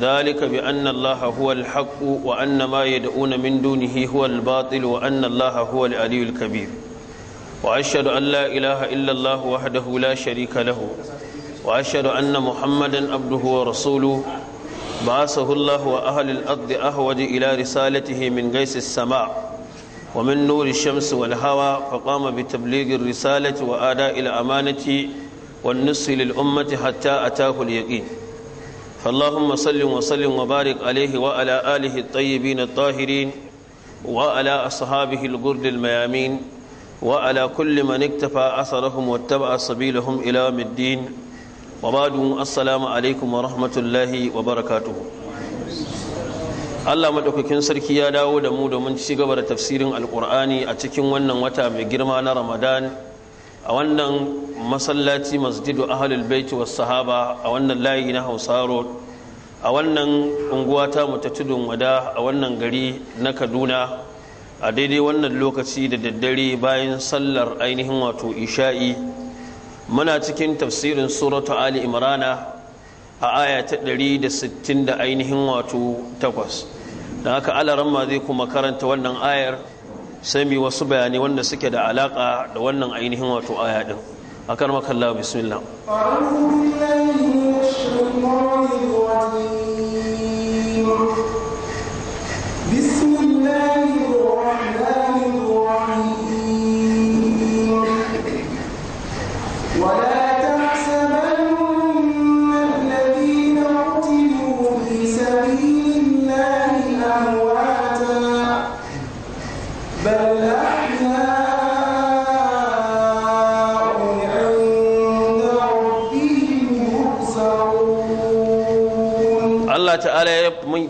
ذلك بأن الله هو الحق وأن ما يدعون من دونه هو الباطل وأن الله هو العلي الكبير وأشهد أن لا إله إلا الله وحده لا شريك له وأشهد أن محمدا عبده ورسوله بعثه الله وأهل الأرض أهود إلى رسالته من قيس السماء ومن نور الشمس والهوى فقام بتبليغ الرسالة وآداء الأمانة والنصح للأمة حتى أتاه اليقين فاللهم صل وسلم وبارك عليه وعلى آله الطيبين الطاهرين وعلى أصحابه الغرد الميامين وعلى كل من اكتفى أثرهم واتبع سبيلهم إلى يوم الدين وبعد السلام عليكم ورحمة الله وبركاته Allah madaukakin sarki ya dawo da mu domin ci gaba da tafsirin Alƙur'ani a cikin wannan wata mai girma na Ramadan a wannan masallaci masjidu ahlul baiti was sahaba a wannan layi na Hausa road a wannan unguwa ta mu ta tudun wada a wannan gari na Kaduna a daidai wannan lokaci da daddare bayan sallar ainihin wato isha'i muna cikin tafsirin suratu ali imrana a aya ta 160 da ainihin wato takwas da haka alaramma zai kuma karanta wannan ayar sai mu wasu bayanai wanda suke da alaƙa da wannan ainihin wato aya a akan makalla bismillah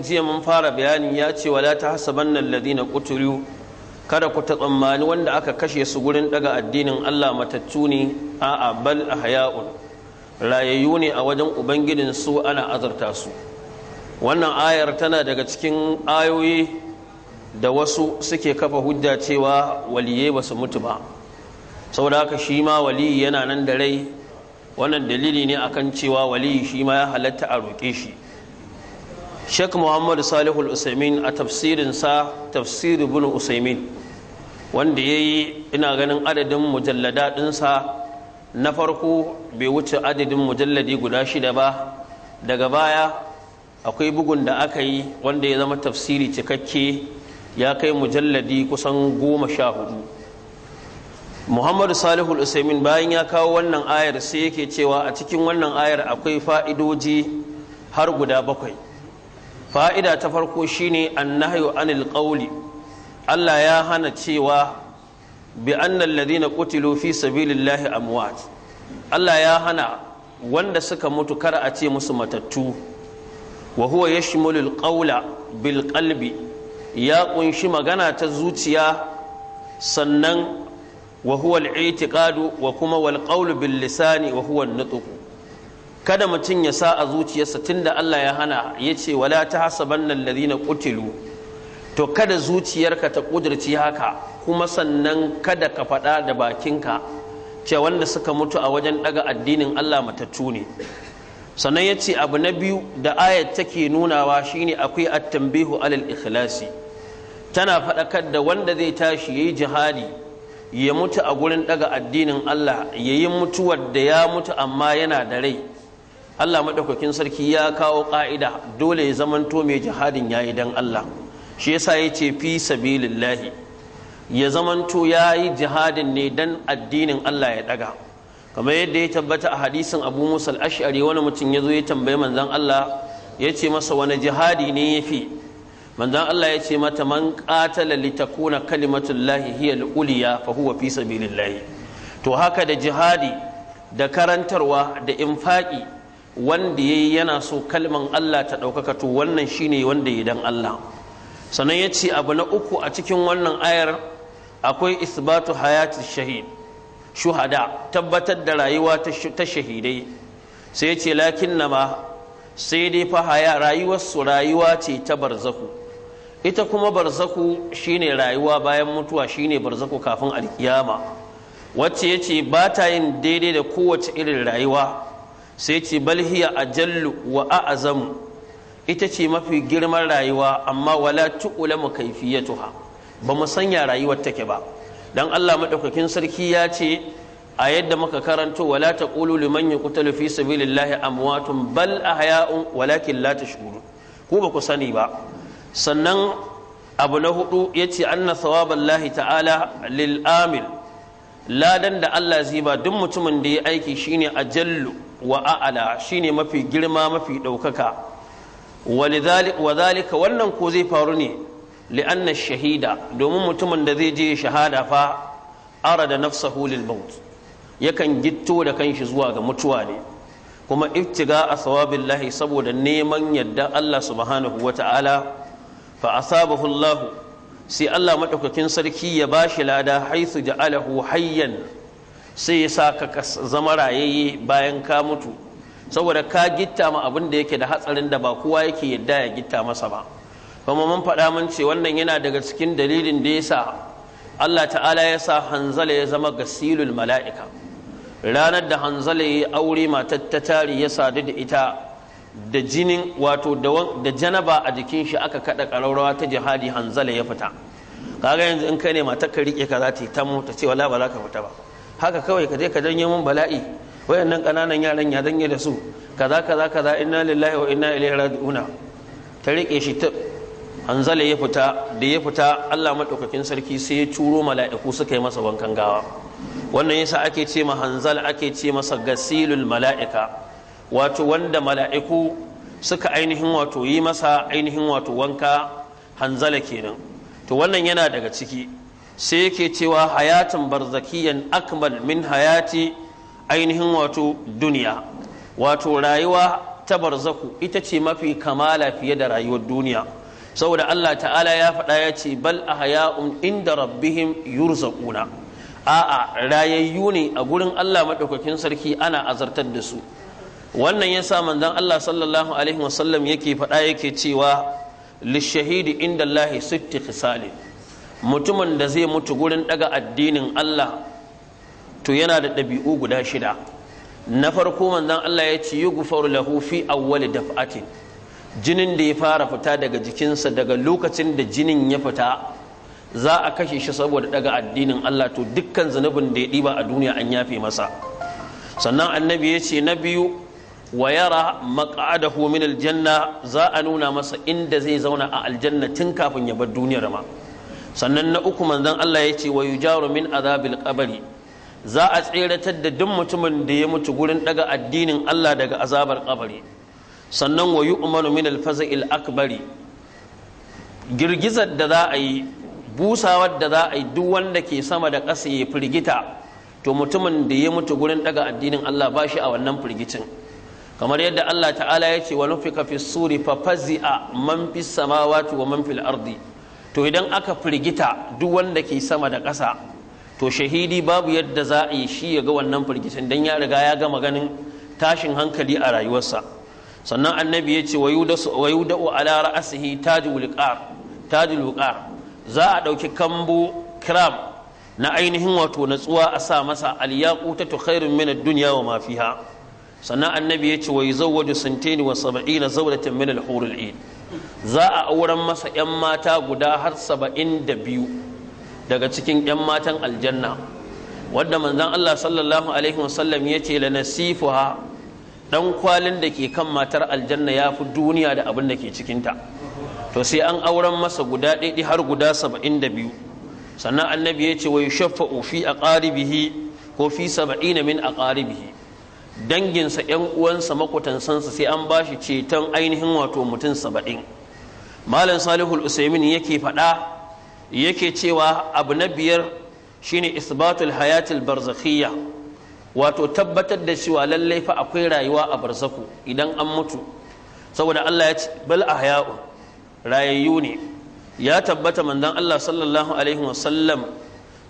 jiya mun fara bayani ya ce wala tahsabanna na kuturu kada ku tsammani wanda aka kashe su gurin daga addinin Allah matattu ne a'a bal ahya'un rayayyu ne a wajen ubangijin su ana azarta su wannan ayar tana daga cikin ayoyi da wasu suke kafa hujja cewa waliye ba su mutu ba saboda haka shi ma waliyi yana nan da rai wannan dalili ne akan cewa waliyi shi ma ya halatta a roƙe shi Sheikh Muhammad salihu Usaimin a tafsirin sa tafsiri ibn Usaimin wanda yayi ina ganin adadin mujallada ɗinsa na farko bai wuce adadin mujalladi guda shida ba daga baya akwai bugun da aka yi wanda ya zama tafsiri cikakke ya kai mujalladi kusan goma sha hudu muhammadu salihu usaimin bayan ya kawo wannan ayar sai yake cewa a cikin wannan ayar akwai fa'idoji har guda bakwai fa'ida ta farko shine annahyu an Allah ya hana cewa bi annan ladina qutilu fi sabilillahi amwat Allah ya hana wanda suka mutu kar a ce musu matattu wa huwa yashmulul qawla bil qalbi ya ƙunshi magana ta zuciya sannan wa huwa al-i'tiqadu wa kuma wal qawlu bil lisani wa huwa an kada mutum ya sa a zuciyarsa tunda Allah ya hana ya ce wala ta hasabanna alladhina qutilu to kada zuciyarka ta kudirci haka kuma sannan kada ka faɗa da bakinka ce wanda suka mutu a wajen ɗaga addinin Allah matattu ne sannan ya ce abu na biyu da ayat take nunawa shine akwai attambihu alal ikhlasi tana faɗakar da wanda zai tashi yayi jihadi ya mutu a gurin ɗaga addinin Allah yayi mutuwar da ya mutu amma yana da rai Allah maɗaukakin sarki ya kawo ƙa'ida dole ya zamanto mai jihadin yayi dan Allah shi yasa ya ce fi sabilillahi ya zamanto yayi jihadin ne dan addinin Allah ya ɗaga. kamar yadda ya tabbata a hadisin Abu Musa al-Ash'ari wani mutum ya zo ya tambayi manzon Allah ya ce masa wani jihadi ne yafi manzon Allah ya ce mata man qatala litakuna kalimatullahi hiya al-uliya fa huwa fi sabilillahi to haka da jihadi da karantarwa da infaƙi wanda yayi yana so kalman Allah ta ɗaukaka to wannan shine wanda ya dan Allah sannan ya ce abu na uku a cikin wannan ayar akwai isbatu hayati shahid shuhada tabbatar da rayuwa ta shahidai sai ya ce lakin na ma sai dai fa haya rayuwar su rayuwa ce ta barzaku ita kuma barzaku shine rayuwa bayan mutuwa shine barzaku kafin alkiyama wacce ya ce ba ta yin daidai da kowace irin rayuwa sai ce bal a jallu wa a'zamu ita ce mafi girman rayuwa amma wala ya kaifiyatuha ba mu sanya rayuwar take ba dan Allah maɗaukakin sarki ya ce a yadda muka karanto wala taqulu liman yuqtalu fi sabilillahi amwatun bal ahya'un walakin la tashkurun ku ba ku sani ba sannan abu na hudu ya yace anna thawaballahi ta'ala lil amil ladan da Allah zai ba duk mutumin da ya aiki shine ajallu Wa'ala shi shine mafi girma mafi ɗaukaka wa zalika wannan ko zai faru ne li'anna shahida domin mutumin da zai je shahada fa ara da nafsahu lil maut yakan gitto da kanshi zuwa ga mutuwa ne kuma iftiga a sawabillahi saboda neman yadda Allah subhanahu wata'ala fa asabahu Allah sai Allah madaukakin sarki ya bashi lada da ja'alahu hayyan sai ya sa ka zama rayayye bayan ka mutu saboda ka gitta ma abin da yake da hatsarin da ba kowa yake yadda ya gitta masa ba kuma mun faɗa mun ce wannan yana daga cikin dalilin da ya sa Allah ta'ala ya sa hanzala ya zama gasilul mala'ika ranar da hanzala ya aure matar ta tari ya sadu da ita da jinin wato da janaba a jikin shi aka kaɗa ƙararrawa ta jihadi hanzala ya fita kaga yanzu in ka ne matar ka riƙe ka za ta yi ta mu ta ce wala ba za ka fita ba haka kawai ka je ka janyo min bala'i wayannan kananan yaran ya danye da su kaza kaza kaza inna lillahi wa inna ilaihi raji'un ta rike shi ta hanzala ya fita da ya fita Allah madaukakin sarki sai ya turo mala'iku suka yi masa wankan gawa wannan yasa ake ce ma hanzal ake ce masa gasilul mala'ika wato wanda mala'iku suka ainihin wato yi masa ainihin wato wanka hanzala kenan to wannan yana daga ciki sai yake cewa hayatan barzakiyan akmal min hayati ainihin wato duniya wato rayuwa ta barzaku ita ce mafi kamala fiye da rayuwar duniya saboda Allah ta'ala ya faɗa ya ce bal a haya'un inda rabbihim yurzaquna a'a rayayyu ne a gurin Allah maɗaukakin sarki ana azartar da su wannan yasa manzon Allah sallallahu alaihi wasallam yake faɗa yake cewa lishahidi inda Allah sitti khisalin mutumin da zai mutu gurin daga addinin Allah to yana da ɗabi'u guda shida na farko manzon Allah ya ce gufar lahu fi awwali daf'atin jinin da ya fara fita daga jikinsa daga lokacin da jinin ya fita za a kashe shi saboda daga addinin Allah to dukkan zunubin da ya ɗiba a duniya an yafe masa sannan annabi ya ce na biyu wa yara maq'adahu min aljanna za a nuna masa inda zai zauna a aljanna tun kafin ya bar duniyar ma sannan na uku manzon Allah ya ce wa yujaru min azabil qabri za a tseratar da duk mutumin da ya mutu gurin daga addinin Allah daga azabar kabari sannan wa yu'manu min al-faza'il akbari girgizar da za a yi busawar da za a yi duk wanda ke sama da ƙasa ya firgita to mutumin da ya mutu gurin daga addinin Allah ba shi a wannan firgicin kamar yadda Allah ta'ala ya ce wa nufika fi suri fa fazi'a man fi samawati wa man fil ardi to idan aka firgita duk wanda ke sama da ƙasa to shahidi babu yadda za a yi shi ya ga wannan firgitin don ya riga ya gama ganin tashin hankali a rayuwarsa sannan annabi ya ce wa yuda'u ala ra'asihi tajul tajul za a ɗauki kambo kiram na ainihin wato natsuwa a sa masa al ta tukhairun min duniya dunya wa mafiha. fiha sannan annabi ya ce wa yuzawwaju sintaini wa sab'ina zawdatan min al-hurul za a auren masa yan mata guda har saba'in da biyu daga cikin yan matan aljanna wanda manzon Allah sallallahu alaihi wasallam ya ce la nasifuha dan kwalin da ke kan matar aljanna ya fi duniya da abin da ke cikinta to sai an auren masa guda ɗaiɗi har guda saba'in da biyu sannan annabi ya ce wa yushaffa'u fi aqaribihi ko fi saba'ina min aqaribihi danginsa yan uwansa sansa sai an bashi ceton ainihin wato mutum saba'in malam salihul usaimin yake faɗa yake cewa abu na biyar shine isbatul hayatul barzakhiyya wato tabbatar da cewa lallai fa akwai rayuwa a barzaku idan an mutu saboda Allah ya ce bal ahya'u rayayyu ne ya tabbata manzon Allah sallallahu alaihi wasallam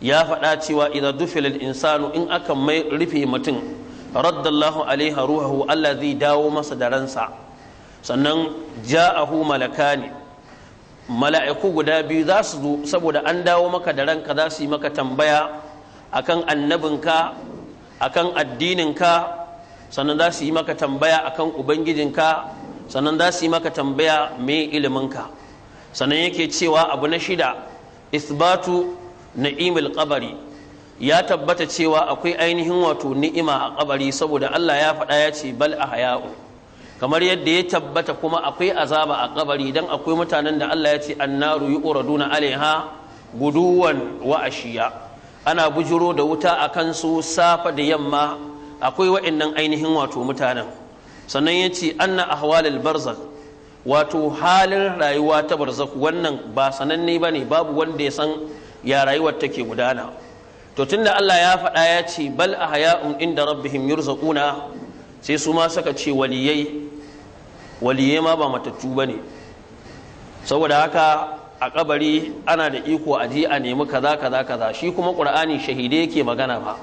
ya faɗa cewa idan dufilal insanu in aka mai rufe mutum raddallahu alaiha ruhahu Allah zai dawo masa da ransa sannan ja'ahu malakani mala'iku guda biyu za su zo saboda an dawo maka da ranka za su yi maka tambaya akan annabinka akan addininka sannan za su yi maka tambaya akan ubangijinka sannan za su yi maka tambaya mai iliminka sannan yake cewa abu na shida isbatu na'imul qabari ya tabbata cewa akwai ainihin wato ni'ima a kabari saboda Allah ya faɗa ya ce bal haya'u kamar yadda ya tabbata kuma akwai azaba a kabari don akwai mutanen da Allah ya ce annaru yuraduna alaiha guduwan wa ashiya ana bujiro da wuta a kansu safa da yamma akwai wa'annan ainihin wato mutanen sannan ya ce anna ahwalil Barzak. wato halin rayuwa ta barzak wannan ba sananne ba ne babu wanda ya san ya rayuwar take gudana to da Allah ya faɗa ya ce bal a haya'un inda rabbihim yurzaquna sai su ma suka ce waliyai waliyai ma ba matattu ba ne. saboda haka a kabari ana da iko a ji a nemi kaza kaza kaza shi kuma qur'ani shahidai yake magana ba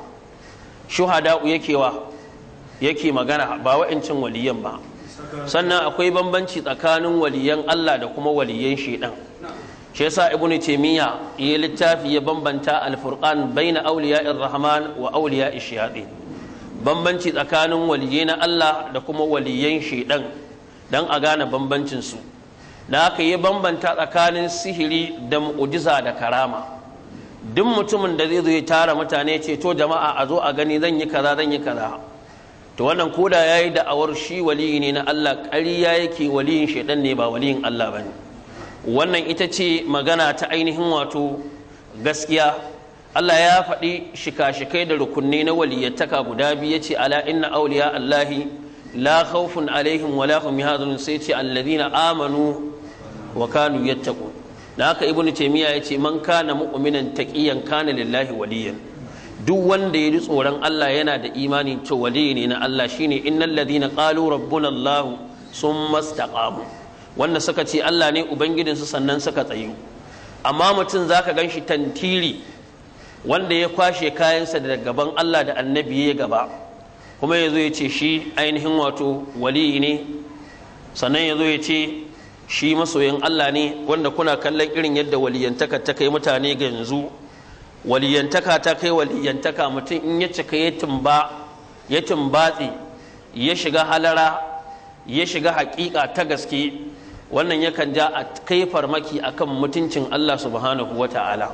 shuhada'u yake wa yake magana ba wa'incin waliyan ba sannan akwai bambanci tsakanin waliyan Allah da kuma waliyan shedan shi yasa ibn taymiya ya littafi ya bambanta al-furqan awliya awliya'ir rahman wa awliya'ish shayatin bambanci tsakanin waliyai na Allah da kuma waliyan shedan dan a gane bambancin su da aka yi bambanta tsakanin sihiri da mu'jiza da karama duk mutumin da zai zo ya tara mutane ce to jama'a a zo a gani zan yi kaza zan yi kaza to wannan koda yayi da'awar shi waliyi ne na Allah ƙarya yake waliyin shedan ne ba waliyin Allah bane wannan ita ce magana ta ainihin wato gaskiya Allah ya faɗi shika-shikai da rukunni na waliyyataka guda biyu ya ce ala inna auliya Allahi la khawfun alaihim wa la hum yahzanun sai ce alladhina amanu wa kanu yattaqun da haka ibnu taymiya ya ce man kana mu'minan taqiyan kana lillahi waliyan duk wanda ya ji tsoron Allah yana da imani to waliya ne na Allah shine innal ladina qalu rabbuna Allah sun mastaqamu wanda suka ce Allah ne ubangijinsu sannan suka tsayu amma mutum zaka gan shi tantiri wanda ya kwashe kayansa daga gaban Allah da annabi ya gaba kuma ya zo ya ce shi ainihin wato wali ne sannan ya zo ya ce shi masoyin Allah ne wanda kuna kallon irin yadda waliyantaka ta kai mutane ga yanzu waliyantaka ta kai waliyantaka mutum in ya cika ya tumbatse ya ya shiga halara ya shiga hakika ta gaske wannan yakan ja a kai farmaki akan mutuncin Allah subhanahu wa ta'ala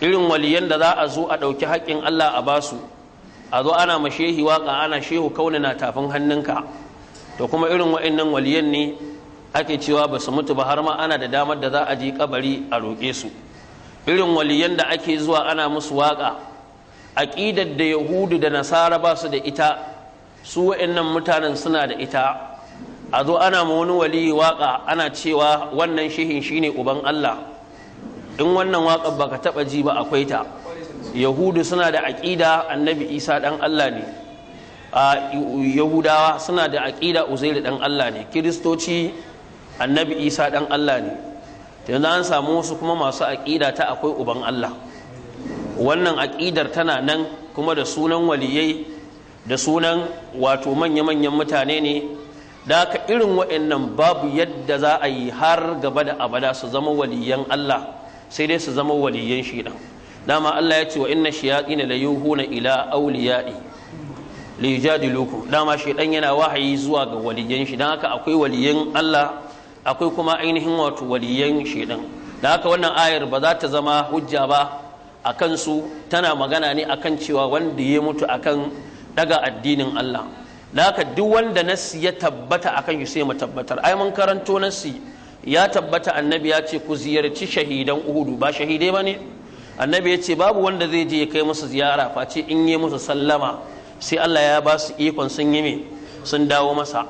irin waliyan da za a zo a ɗauki haƙƙin Allah a basu a zo ana mashehi waƙa ana shehu na tafin hannunka to kuma irin wa'annan waliyan ne ake cewa ba su mutu ba har ma ana da damar da za a je ƙabari a roƙe su irin waliyan da ake zuwa ana musu waƙa aƙidar da yahudu da nasara ba su da ita su wa'annan mutanen suna da ita a zo ana ma wani wali waka ana cewa wannan shihin shine uban Allah in wannan waka baka taba ji ba akwai ta yahudu suna da aƙida annabi isa ɗan Allah ne yahudawa suna da aƙida uzairu ɗan Allah ne kiristoci annabi isa ɗan Allah ne yanzu an samu wasu kuma masu aƙida ta akwai uban Allah wannan aƙidar tana nan kuma da sunan waliyai da sunan wato manya-manyan mutane ne da haka irin wa'annan babu yadda za a yi har gaba da abada su zama waliyan Allah sai dai su zama waliyan shi dan dama Allah ya ce wa inna shiyaqin la yuhuna ila awliya'i li yujadilukum dama shedan yana wahayi zuwa ga waliyan shi dan haka akwai waliyan Allah akwai kuma ainihin wato waliyan shedan da haka wannan ayar ba za ta zama hujja ba a su tana magana ne akan cewa wanda ya mutu akan daga addinin Allah haka duk wanda nasi ya tabbata akan yi sai mu tabbatar ai mun karanto nasi ya tabbata annabi ya ce ku ziyarci shahidan uhudu ba shahidai ba ne annabi ya ce babu wanda zai je ya kai musu ziyara face in yi musu sallama sai Allah ya ba su ikon sun yi me sun dawo masa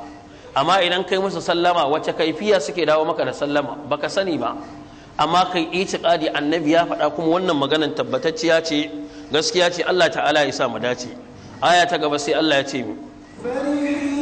amma idan kai musu sallama wace kaifiya suke dawo maka da sallama baka sani ba amma kai itiqadi annabi ya faɗa kuma wannan maganar tabbatacciya ce gaskiya ce Allah ta'ala ya sa mu dace aya ta gaba sai Allah ya ce mu Ferry!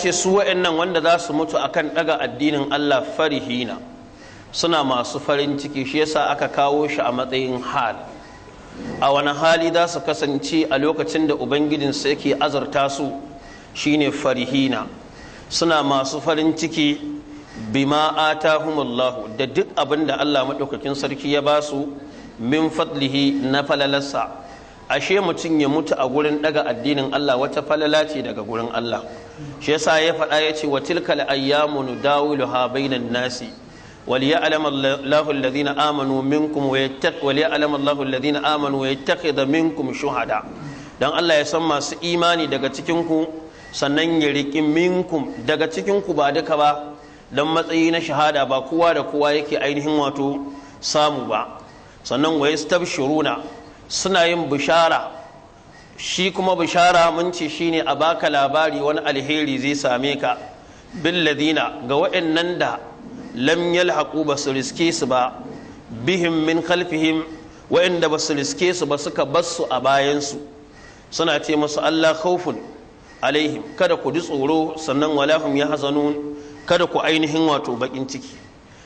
ce su wa'annan wanda za su mutu akan daga addinin Allah farihina suna masu farin ciki shi yasa aka kawo shi a matsayin hal a wani hali za su kasance a lokacin da ubangijin su yake azarta su shine farihina suna masu farin ciki bima atahumullahu da duk abin da Allah maɗaukakin sarki ya ba su min fadlihi na falalarsa ashe mutum ya mutu a gurin daga addinin Allah wata falala ce daga gurin Allah shi yasa ya faɗa ya ce wa tilkal ayyamu ha bainan nasi wal ya'lam Allahu alladhina amanu minkum wa yattaq wal Allahu alladhina amanu wa minkum shuhada dan Allah ya san masu imani daga cikin ku sannan ya riƙi minkum daga cikin ku ba duka ba dan matsayi na shahada ba kowa da kowa yake ainihin wato samu ba sannan wa yastabshiruna suna yin bishara shi kuma bishara mun ce shine a baka labari wani alheri zai same ka billadina ga waɗannan da lam yalhaqu ba su riske su ba bihim min khalfihim waɗanda ba su riske su ba suka basu a bayansu suna ce musu Allah khawfun alaihim kada ku ji tsoro sannan walahum ya hazanu kada ku ainihin wato bakin ciki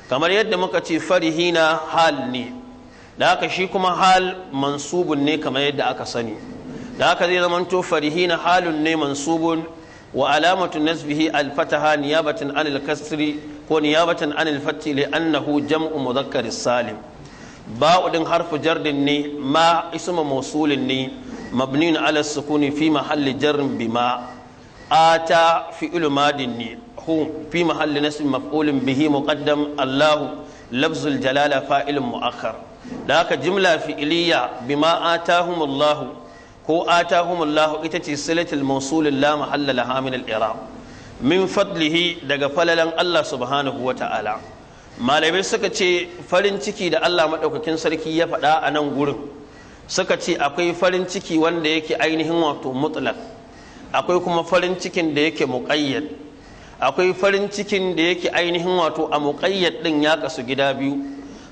kamar yadda muka ce farihina hal ne da haka shi kuma hal mansubun ne kamar yadda aka sani da haka zai zama to farihina halun ne mansubun wa alamatu nasbihi alfataha niyabatan anil kasri ko niyabatan anil fatti li annahu jam'u mudhakkar salim ba'u ɗin harfu jardin ne ma ismu mawsulin ne mabnin ala sukuni fi mahalli jarrin bima ata fi madin ne hu fi mahalli nasb maf'ulin bihi muqaddam Allahu lafzul jalala fa'ilun mu'akhkhar da haka jimla fi'iliya bima atahumullahu ko atahumullahu ita ce silatul mawsulil la mahalla laha min min fadlihi daga falalan Allah subhanahu wa ta'ala malamai suka ce farin ciki da Allah madaukakin sarki ya faɗa a nan gurin suka ce akwai farin ciki wanda yake ainihin wato mutlaq akwai kuma farin cikin da yake muqayyad akwai farin cikin da yake ainihin wato a muqayyad din ya kasu gida biyu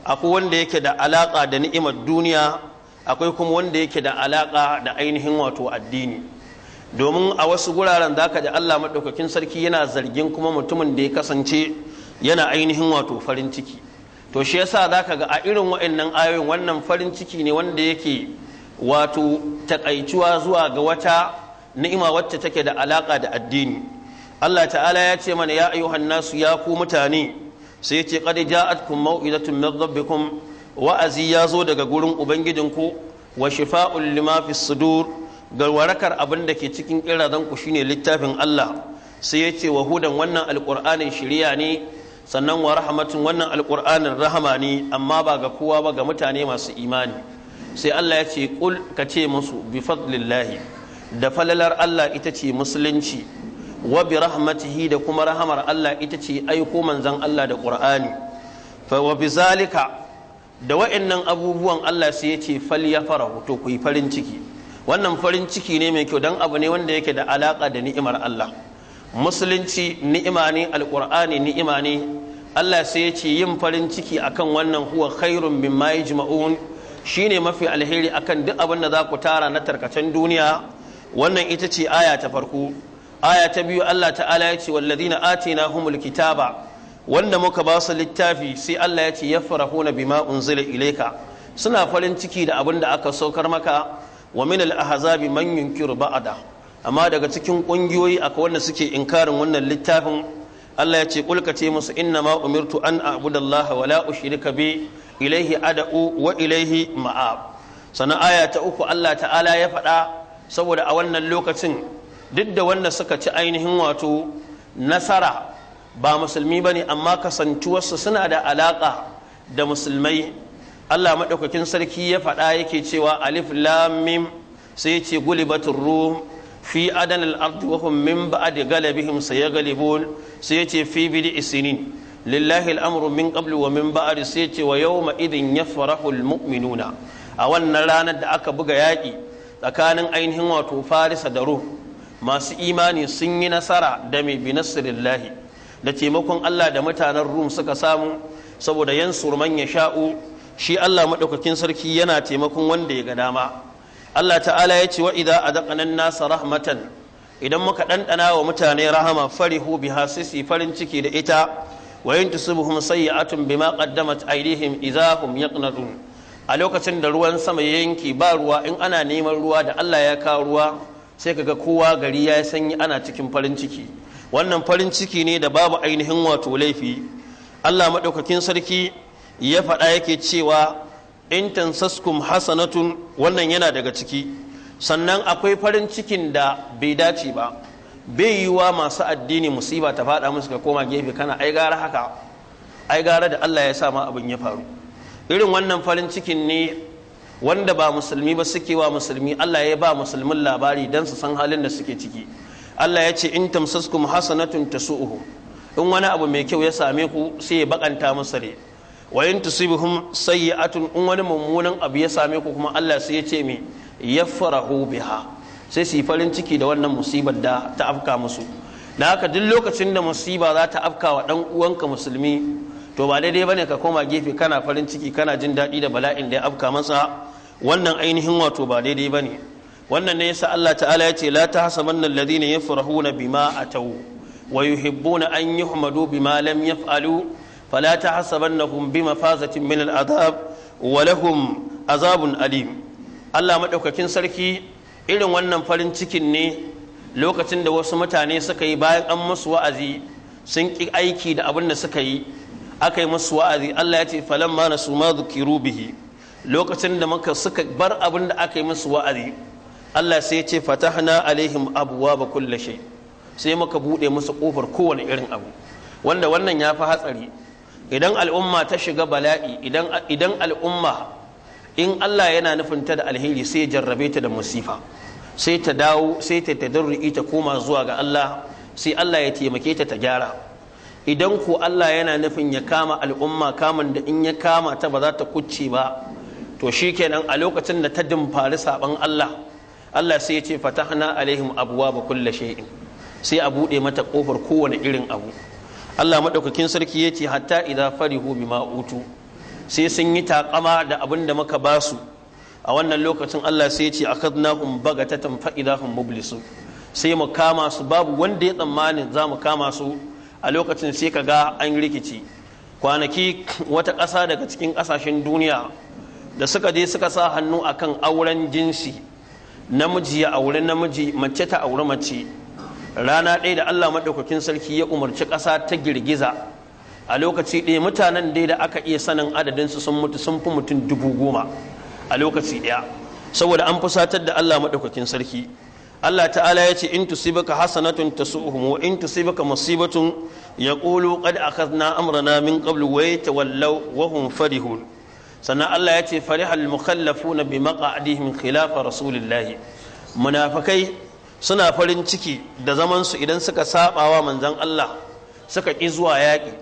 akwai wanda yake da alaƙa da ni'imar duniya akwai kuma wanda yake da alaƙa da ainihin wato addini domin a wasu guraren za ka ji Allah maɗaukakin sarki yana zargin kuma mutumin da ya kasance yana ainihin wato farin ciki to shi yasa za ka ga a irin wa'annan ayoyin wannan farin ciki ne wanda yake wato takaicuwa zuwa ga wata ni'ima wacce take da alaƙa da addini Allah ta'ala ya ce mana ya ayyuhan nasu ya ku mutane sai ya ce qad ja'atkum mau'izatun min rabbikum wa'azi ya zo daga gurin ubangijinku wa shifa'un lima fi sudur ga warakar abin da ke cikin kirazan ku shine littafin Allah sai ya ce wa hudan wannan alqur'anin shiriya ne sannan wa rahmatun wannan alqur'anin rahama ne amma ba ga kowa ba ga mutane masu imani sai Allah ya ce kul ka ce musu bi fadlillahi da falalar Allah ita ce musulunci wa bi rahmatihi da kuma rahamar Allah ita ce aiko manzon Allah da Qur'ani fa wa bi zalika da wa'annan abubuwan Allah sai ya ce fal ya farahu to ku yi farin ciki wannan farin ciki ne mai kyau dan abu ne wanda yake da alaka da ni'imar Allah musulunci ni'ima ne alqur'ani ni'ima ne Allah sai ya ce yin farin ciki akan wannan huwa khairun mimma yajma'un shine mafi alheri akan duk abin da za ku tara na tarkacen duniya wannan ita ce aya ta farko aya ta biyu Allah ta'ala ya ce walladina atina humul kitaba wanda muka ba su littafi sai Allah ya ce yafrahuna bima unzila ilayka suna farin ciki da abin da aka saukar maka wa min al-ahzabi man yunkiru ba'da amma daga cikin kungiyoyi akwai wanda suke inkarin wannan littafin Allah ya ce kulka ce musu inna ma umirtu an a'budu Allah wa la ushrika bi ilayhi ad'u wa ilayhi ma'ab sana aya ta uku Allah ta'ala ya faɗa saboda a wannan lokacin duk da wanda suka ci ainihin wato nasara ba musulmi ba ne amma kasantuwarsu suna da alaƙa da musulmai allah maɗaukakin sarki ya faɗa yake cewa alif lamim sai ce gulibatun rum fi adan al'ardu wa hum min ba'd galabihim sayaglibun sai ce fi bid'i isinin lillahi al'amru min qablu wa min ba'd sai ce wa yawma idin yafrahu almu'minuna a wannan ranar da aka buga yaƙi tsakanin ainihin wato farisa da ruh masu imani sun yi nasara da mai bi nasirillahi da taimakon Allah da mutanen Rum suka samu saboda yan surman ya sha'u shi Allah maɗaukakin sarki yana taimakon wanda ya ga dama Allah ta'ala ya ce wa a daƙanan nasa rahmatan idan muka ɗanɗana wa mutane rahama fari hubi hasisi farin ciki da ita wa yantusubuhum sayyi'atun bima qaddamat aydihim idza hum yaqnadun a lokacin da ruwan sama ya yanki ba ruwa in ana neman ruwa da Allah ya kawo ruwa sai kaga kowa gari ya yi sanyi ana cikin farin ciki wannan farin ciki ne da babu ainihin wato laifi Allah maɗaukakin sarki ya faɗa yake cewa in tansaskum hasanatun wannan yana daga ciki sannan akwai farin cikin da bai dace ba bai yi wa masu addini musiba ta faɗa musu ka koma gefe kana ai gara haka ai gara da Allah ya sa ma abin ya faru irin wannan farin cikin ne wanda ba musulmi ba suke wa musulmi Allah ya ba musulmin labari don su san halin da suke ciki Allah ya ce in tamsaskum hasanatun tasu'uhu in wani abu mai kyau ya same ku sai ya bakanta musu rai wa in tusibuhum sayyi'atun in wani mummunan abu ya same ku kuma Allah sai ya ce me yafrahu biha sai su yi farin ciki da wannan musibar da ta afka musu da haka duk lokacin da musiba za ta afka wa dan uwanka musulmi to ba daidai bane ka koma gefe kana farin ciki kana jin daɗi da bala'in da ya afka masa wannan ainihin wato ba daidai ba ne wannan ne yasa Allah ta'ala ya ce la ta ya alladhina yafrahuna bima atau wa yuhibbuna an yuhmadu bima lam yaf'alu fala ta hasabannahum bima fazatin min al'adab wa lahum azabun alim Allah madaukakin sarki irin wannan farin cikin ne lokacin da wasu mutane suka yi bayan an musu wa'azi sun ki aiki da abin da suka yi aka yi musu wa'azi Allah ya ce falamma nasu ma dhukiru bihi lokacin da maka suka bar abin da aka yi musu wa'azi Allah sai ya ce fatahna alaihim abuwa ba kulle shi. sai muka buɗe musu ƙofar kowane irin abu wanda wannan ya fi hatsari idan al'umma ta shiga bala'i idan al'umma in Allah yana nufin ta da alheri sai ya jarrabe ta da musifa sai ta dawo sai ta tadarru'i ta koma zuwa ga Allah sai Allah ya taimake ta ta gyara idan ko Allah yana nufin ya kama al'umma kamun da in ya kama ta ba za ta kucce ba to shi kenan a lokacin da ta dimfari saban Allah Allah sai ya ce fatahna alaihim abuwa ba kulle shay'in sai a buɗe mata kofar kowane irin abu Allah madaukakin sarki ya ce hatta idza farihu bima utu sai sun yi takama da abin da muka su. a wannan lokacin Allah sai ya ce akhadnahum bagatatan fa idahum mublisu sai mu kama su babu wanda ya tsammani za mu kama su a lokacin sai ka ga an rikici kwanaki wata ƙasa daga cikin ƙasashen duniya da suka je suka sa hannu akan auren jinsi namiji ya aure namiji mace ta aure mace rana ɗaya da Allah maɗaukakin sarki ya umarci ƙasa ta girgiza a lokaci ɗaya mutanen dai da aka iya sanin adadinsu sun mutu sun fi mutum dubu goma a lokaci ɗaya saboda an fusatar da Allah maɗaukakin sarki Allah ta'ala ya ce in tusibaka hasanatun tasu'uhum wa in tusibaka musibatun yaqulu qad akhadna amrana min qablu wa yatawallaw wa hum farihun sannan Allah ya ce farihal na bi maq'adihim khilafa rasulillah munafikai suna farin ciki da zaman su idan suka sabawa manzon Allah suka ki zuwa yaƙi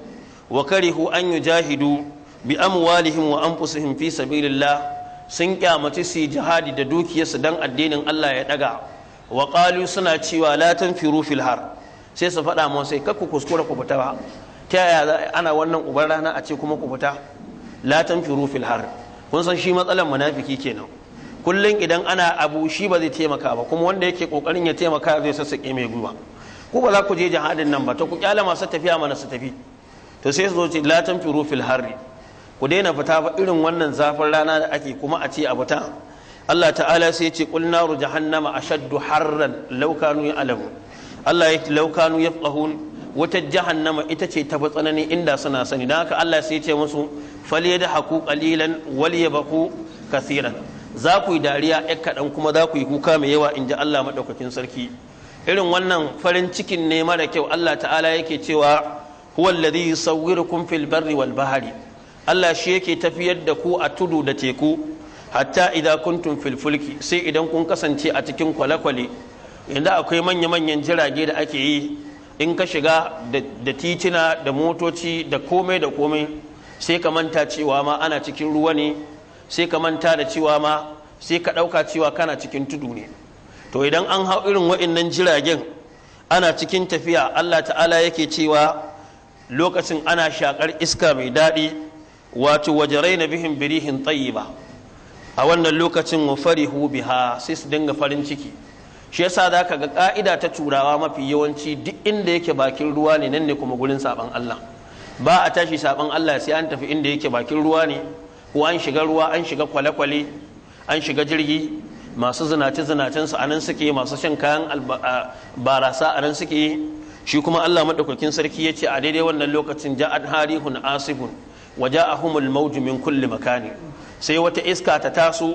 wa karihu an yujahidu bi amwalihim wa anfusihim fi sabilillah sun kyamaci su jihadi da dukiyarsu dan addinin Allah ya daga wa qalu suna cewa la tanfiru fil har sai su faɗa mu sai kakku kuskura ku fita ba ta yaya ana wannan uban rana a ce kuma ku fita la tanfiru fil har kun san shi matsalan munafiki kenan kullun idan ana abu shi ba zai taimaka ba kuma wanda yake kokarin ya taimaka zai sassaƙe mai gwiwa ku ba za ku je jihadin nan ba ta ku kyala masu tafiya mana su tafi to sai su zo ce la tanfiru fil har ku daina fita ba irin wannan zafin rana da ake kuma a ce a fita Allah ta'ala sai ya ce qul naru jahannama ashaddu harran law kanu ya'lamu Allah ya ce law kanu yafqahun wata jahannama ita ce ta tsanani inda suna sani don haka Allah sai ya ce musu da falyadhaku qalilan walyabqu kasiran za ku yi dariya yan kaɗan kuma za ku yi kuka mai yawa in ji Allah maɗaukakin sarki irin wannan farin cikin ne mara kyau Allah ta'ala yake cewa huwa alladhi yusawwirukum fil barri wal bahari Allah shi yake tafiyar da ku a tudu da teku hatta idan kun fil fulki sai idan kun kasance a cikin kwale-kwale yanzu akwai manya-manyan jirage da ake yi in ka shiga da titina da motoci da komai da komai sai ka manta cewa ma ana cikin ruwa ne sai ka manta da cewa ma sai ka ɗauka cewa kana cikin tudu ne to idan an hau irin wa'innan jiragen ana cikin tafiya allah ta'ala yake cewa lokacin ana shakar iska mai daɗi wato waje na bihin birihin tsayi ba a wannan lokacin wa farihu biha sai su dinga farin ciki shi yasa za ka ga ka'ida ta turawa mafi yawanci duk inda yake bakin ruwa ne nan ne kuma gurin saban allah ba a tashi saban Allah sai an tafi inda yake bakin ruwa ne ko an shiga ruwa an shiga kwale-kwale an shiga jirgi masu zinace zinacen su anan suke masu shan kayan barasa anan suke shi kuma Allah madaukakin sarki ya ce a daidai wannan lokacin ja'at harihun asibun wa ja'ahumul mawju min kulli makani sai wata iska ta taso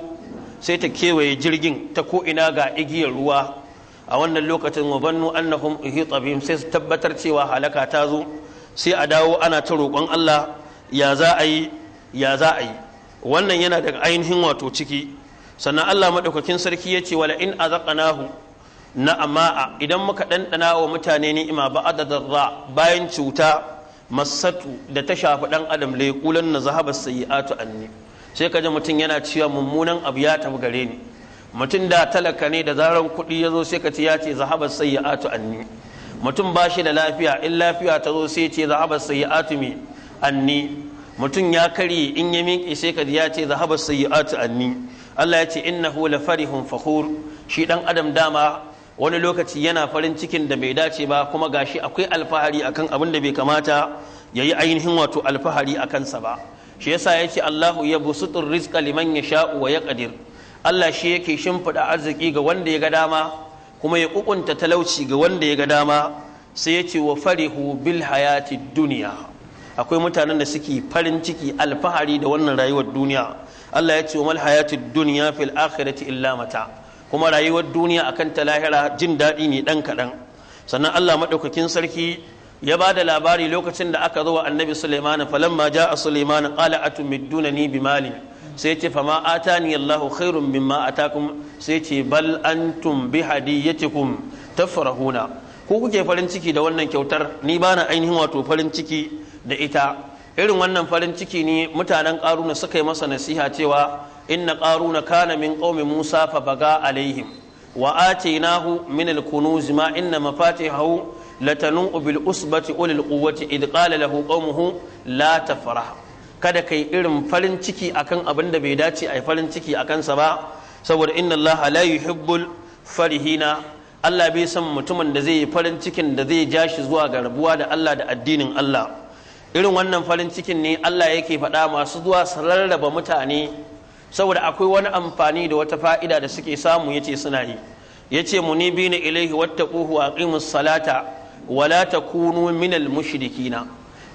sai ta kewaye jirgin ta ko ina ga igiyar ruwa a wannan lokacin wa bannu annahum sai su tabbatar cewa halaka ta zo sai a dawo ana ta roƙon Allah ya za a yi ya za a yi wannan yana daga ainihin wato ciki sannan Allah maɗaukakin sarki ya ce wala in azaqnahu amma'a. idan muka ɗanɗana wa mutane ima ba adadadda bayan cuta masatu da ta shafi ɗan adam lai na zahaba sayyi'atu anni sai kaje mutum yana cewa mummunan abu ya tafi gare ni mutum da talaka ne da zarar kuɗi ya zo sai ka ce ya ce zahaba sayyi'atu anni mutum ba shi da lafiya in lafiya ta zo sai ce zahaba sayyi'atu mi anni mutum ya karye in ya miƙe sai ka ya ce zahaba sayyi'atu anni Allah ya ce innahu la farihun fakhur shi ɗan adam dama wani lokaci yana farin cikin da bai dace ba kuma ga shi akwai alfahari akan abin da bai kamata yayi ainihin wato alfahari akan sa ba shi yasa ce Allahu ya busutur rizqa liman yasha'u wa yaqdir Allah shi yake shimfiɗa arziki ga wanda ya ga dama kuma ya kukunta talauci ga wanda ya ga dama sai ya ce wa farihu bil hayati duniya akwai mutanen da suke farin ciki alfahari da wannan rayuwar duniya Allah ya ce wa mal hayati duniya fil akhirati illa mata kuma rayuwar duniya akan ta lahira jin daɗi ne ɗan kaɗan sannan Allah maɗaukakin sarki ya ba da labari lokacin da aka zo wa annabi Sulaiman falamma ja'a Sulaiman qala atumiddunani bimalin sai ce fama atani Allahu khairun mimma atakum sai ce bal antum bi hadiyatikum tafrahuna ko kuke farin ciki da wannan kyautar ni bana ainihin wato farin ciki da ita irin wannan farin ciki ne mutanen karuna suka yi masa nasiha cewa inna karuna kana min qaumi musa fa baga alaihim wa atainahu min al-kunuz ma inna mafatihahu latanu bil usbati ulil quwwati id qala lahu qaumuhu la tafrah kada ka yi irin farin ciki akan abin da bai dace a farin ciki a kansa ba saboda inna Allah la yuhibbul farihina Allah bai san mutumin da zai yi farin cikin da zai ja shi zuwa ga rabuwa da Allah da addinin Allah irin wannan farin cikin ne Allah yake faɗa masu zuwa su rarraba mutane saboda akwai wani amfani da wata fa'ida da suke samu yace suna yi yace munibina ilaihi wattaquhu wa aqimus salata wala takunu minal mushrikina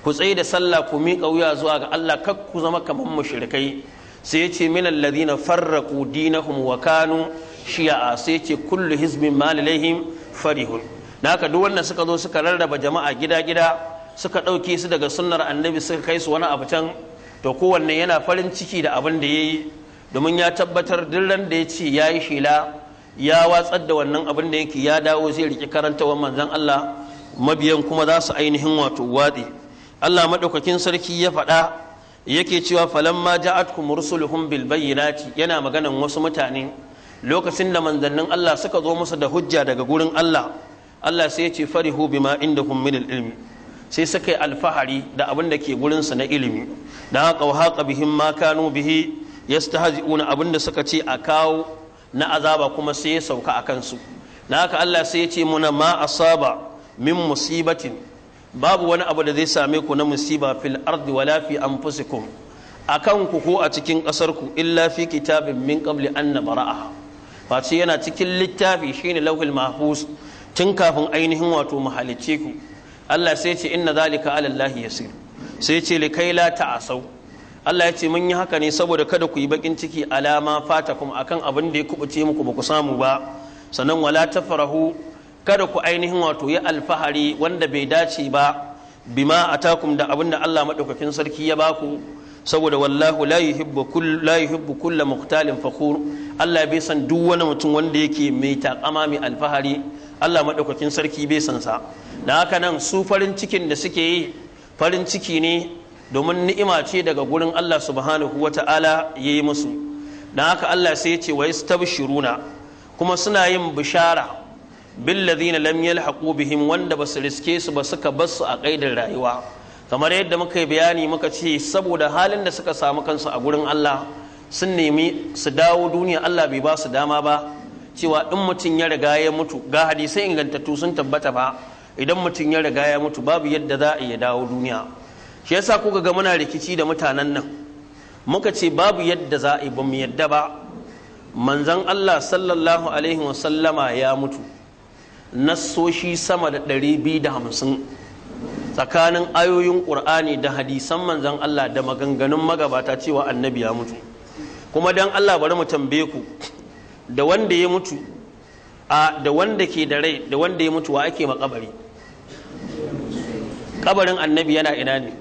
ku tsaye da sallah ku miƙa wuya zuwa ga Allah kar ku zama kamar mushrikai sai yace min alladhina farraqu dinahum wa kanu shi'a sai yace kullu hizbin ma lalaihim farihun haka duk wanda suka zo suka rarraba jama'a gida gida suka ɗauke su daga sunnar annabi suka kai su wani abu can to kowanne yana farin ciki da abin da yayi domin ya tabbatar duk ran da ya ce yayi shila ya watsar da wannan abin da yake ya dawo zai riki karantawa manzon Allah mabiyan kuma za su ainihin wato wadi Allah maɗaukakin sarki ya faɗa yake cewa falamma ja'atkum rusuluhum bil bayyinati yana maganan wasu mutane lokacin da manzannin Allah suka zo musu da hujja daga gurin Allah Allah sai ya ce farihu bima indakum min ilmi sai suka yi alfahari da abin da ke gurin su na ilimi dan haka wa haqa bihim ma kanu bihi yastahzi'una abin da suka ce a kawo na azaba kuma sai ya sauka akan su dan haka Allah sai ya ce muna ma asaba min musibatin babu wani abu da zai same ku na musiba fil ardi wala fi anfusikum akan ku ko a cikin kasar ku illa fi kitabin min qabli an nabara'a face yana cikin littafi shine lauhul mahfuz tun kafin ainihin wato mahalicce ku Allah sai ce inna zalika ala Allah yasir sai ce likai la ta'asau Allah ya ce mun yi haka ne saboda kada ku yi bakin ciki alama fata kuma akan abin da ya kubuce muku ba ku samu ba sannan wala tafrahu kada ku ainihin wato ya alfahari wanda bai dace ba bima atakum da abinda Allah madaukakin sarki ya baku saboda wallahu la yuhibbu kull la yuhibbu kull muqtalin fakhur Allah bai san duk wani mutum wanda yake mai takama mai alfahari Allah madaukakin sarki bai san sa dan haka nan su farin cikin da suke yi farin ciki ne domin ni'ima ce daga gurin Allah subhanahu wata'ala yayi musu dan haka Allah sai ya ce wa yastabshiruna kuma suna yin bishara billazina lam yalhaqu bihim wanda basu riske su ba suka su a kaidar rayuwa kamar yadda muka yi bayani muka ce saboda halin da suka samu kansu a gurin Allah sun nemi su dawo duniya Allah bai ba su dama ba cewa in mutum ya riga ya mutu ga hadisai ingantattu sun tabbata ba idan mutum ya riga ya mutu babu yadda za a iya dawo duniya shi yasa kuka ga muna rikici da mutanen nan muka ce babu yadda za a yi ba mu yadda ba manzon Allah sallallahu alaihi wasallama ya mutu nassoshi sama da 250 tsakanin ayoyin ƙur'ani da hadisan manzan Allah da maganganun magabata cewa annabi ya mutu kuma don Allah bari mu tambaye ku da wanda ya mutu a da wanda ke da rai da wanda ya mutu wa ake makabari kabarin annabi yana ina ne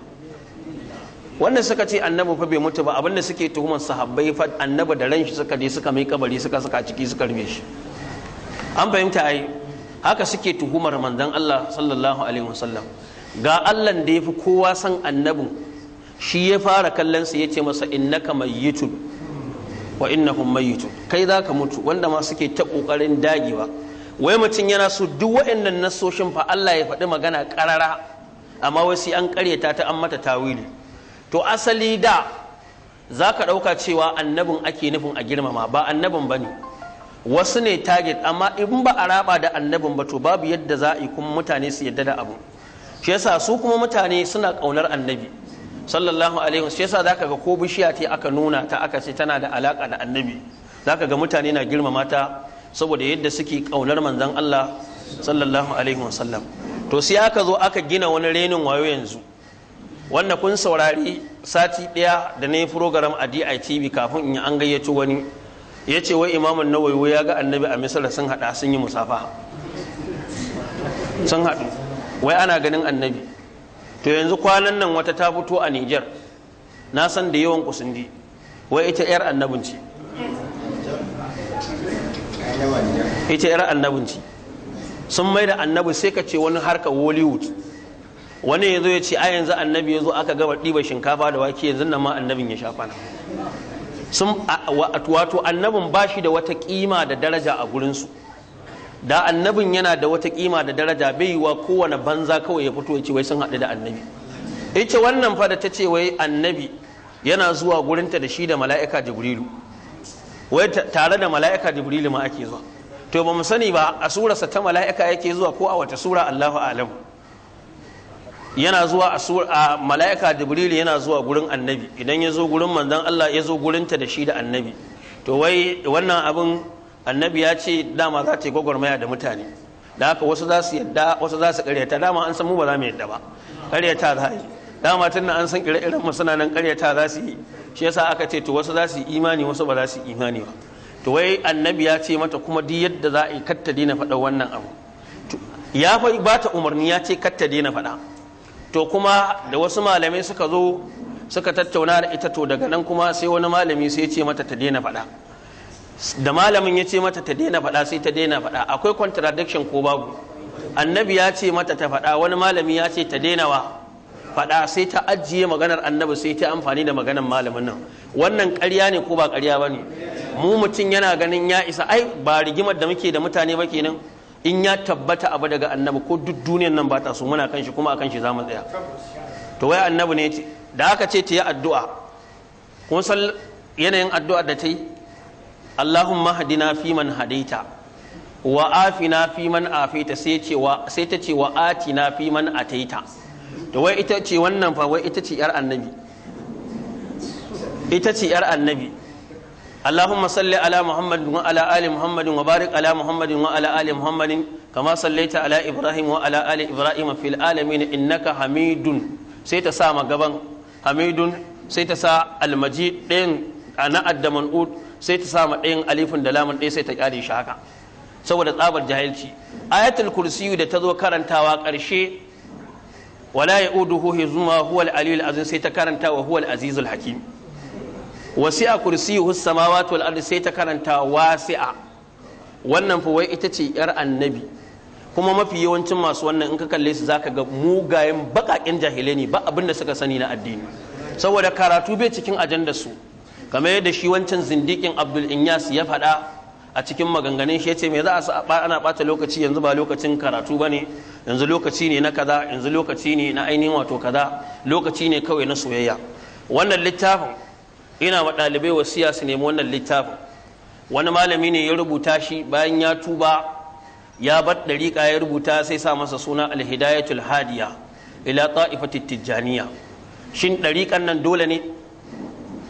wannan suka ce annabi fa bai mutu ba abinda suke tuhumar sahabbai fa annabi da ran shi suka je suka mai kabari suka saka ciki suka rufe shi an fahimta ai haka suke tuhumar manzon Allah sallallahu alaihi wasallam ga Allah da yafi kowa san annabin shi ya fara kallon sa ce masa innaka mayyitun wa innahum mayyitun kai zaka mutu wanda ma suke ta kokarin dagewa wai mutum yana so duk waɗannan nasoshin fa Allah ya faɗi magana ƙarara amma wai sai an ta an mata tawili to asali da zaka ɗauka cewa annabin ake nufin a girmama ba annabin bane ne wasu ne target amma in ba a raba da annabin ba to babu yadda za a yi kuma mutane su yadda da abu shi yasa su kuma mutane suna kaunar annabi sallallahu alaihi wasu shi yasa zaka ga ko bishiya ta aka nuna ta aka ce tana da alaka da annabi zaka ga mutane na girmama ta saboda yadda suke kaunar manzon Allah sallallahu alaihi wasallam to sai aka zo aka gina wani renin wayo yanzu wannan kun saurari sati ɗaya da na yi program a DITV kafin in an gayyato wani ya ce wai imamun nawawi ya ga annabi a misira sun haɗa sun yi musafa sun haɗu wai ana ganin annabi to yanzu kwanan nan wata ta fito a niger na san da yawan kusundi wai ita 'yar annabin ce ita 'yar annabin sun mai da annabi sai ka ce wani harkar hollywood wani ya ya ce a yanzu annabi ya zo aka gaba ɗiba shinkafa da wake yanzu nan ma annabin ya shafa na sun wato annabin ba shi da wata kima da daraja a gurinsu da annabin yana da wata kima da daraja bai wa kowane banza kawai ya fito ya ce wai sun haɗu da annabi ita wannan fada da ta ce wai annabi yana zuwa gurinta da shi da mala'ika jibrilu wai tare da mala'ika jibrilu ma ake zuwa to ba mu sani ba a surarsa ta mala'ika yake zuwa ko a wata sura Allahu a'lamu yana zuwa a mala'ika jibril yana zuwa gurin annabi idan ya zo gurin manzon Allah ya zo gurinta da shi da annabi to wai wannan abin annabi ya ce dama za ta yi gwagwarmaya da mutane da haka wasu za su yadda wasu za su karyata dama an san mu ba za mu yadda ba karyata za yi dama tun an san ire-iren mu suna nan karyata za su yi shi yasa aka ce to wasu za su yi imani wasu ba za su yi imani ba to wai annabi ya ce mata kuma duk yadda za a yi katta na faɗa wannan abu ya fa ba ta umarni ya ce katta na faɗa to kuma da wasu malamai suka zo suka tattauna da ita to daga nan kuma sai wani malami sai ya ce mata ta daina faɗa da malamin ya ce mata ta daina faɗa sai ta daina faɗa akwai contradiction ko babu annabi ya ce mata ta faɗa wani malami ya ce ta daina wa faɗa sai ta ajiye maganar annabi sai ta amfani da maganar malamin nan wannan ƙarya ne ko ba ƙarya ba ne mu mutum yana ganin ya isa ai ba rigimar da muke da mutane ba kenan in ya tabbata abu daga annabi ko duk duniyar nan ba ta so muna kan shi kuma a shi za mu tsaya to wai annabi ne da aka ce ta yi addu'a kun san yanayin addu'a da ta yi Allahumma hadina fi man hadaita wa afina fi man afaita sai ce wa sai ta ce wa atina fi man ataita to wai ita ce wannan fa wai ita ce yar annabi ita ce yar annabi اللهم صل على محمد وعلى آل محمد وبارك على محمد وعلى آل محمد كما صليت على إبراهيم وعلى آل إبراهيم في العالمين إنك حميد سيتسا مغبن حميد سيتسا المجيد دين أنا أدمن أود سيتسا مدين أليف دلام دين سيتقالي شاكا saboda tsabar jahilci ayatul kursiyu da ta zo karantawa ƙarshe wala ya uduhu hizuma huwal aliyul azim sai ta karanta wa huwal azizul hakim wasi'a kursiyuhu samawati wato ardi sai ta karanta wasi'a wannan fa wai ita ce yar annabi kuma mafi yawancin masu wannan in ka kalle su za ka ga mugayen bakakin jahilai ne ba abin da suka sani na addini saboda karatu bai cikin ajanda su kamar yadda shi wancan zindikin Abdul Inyas ya faɗa a cikin maganganun shi ya ce me za a sa'a ana bata lokaci yanzu ba lokacin karatu bane yanzu lokaci ne na kaza yanzu lokaci ne na ainihin wato kaza lokaci ne kawai na soyayya wannan littafin ina wa ɗalibai wasiya su nemi wannan littafin wani malami ne ya rubuta shi bayan ya tuba ya bar ɗariƙa ya rubuta sai sa masa suna alhidayatul hadiya ila ta'ifatit tijjaniya shin ɗariƙan nan dole ne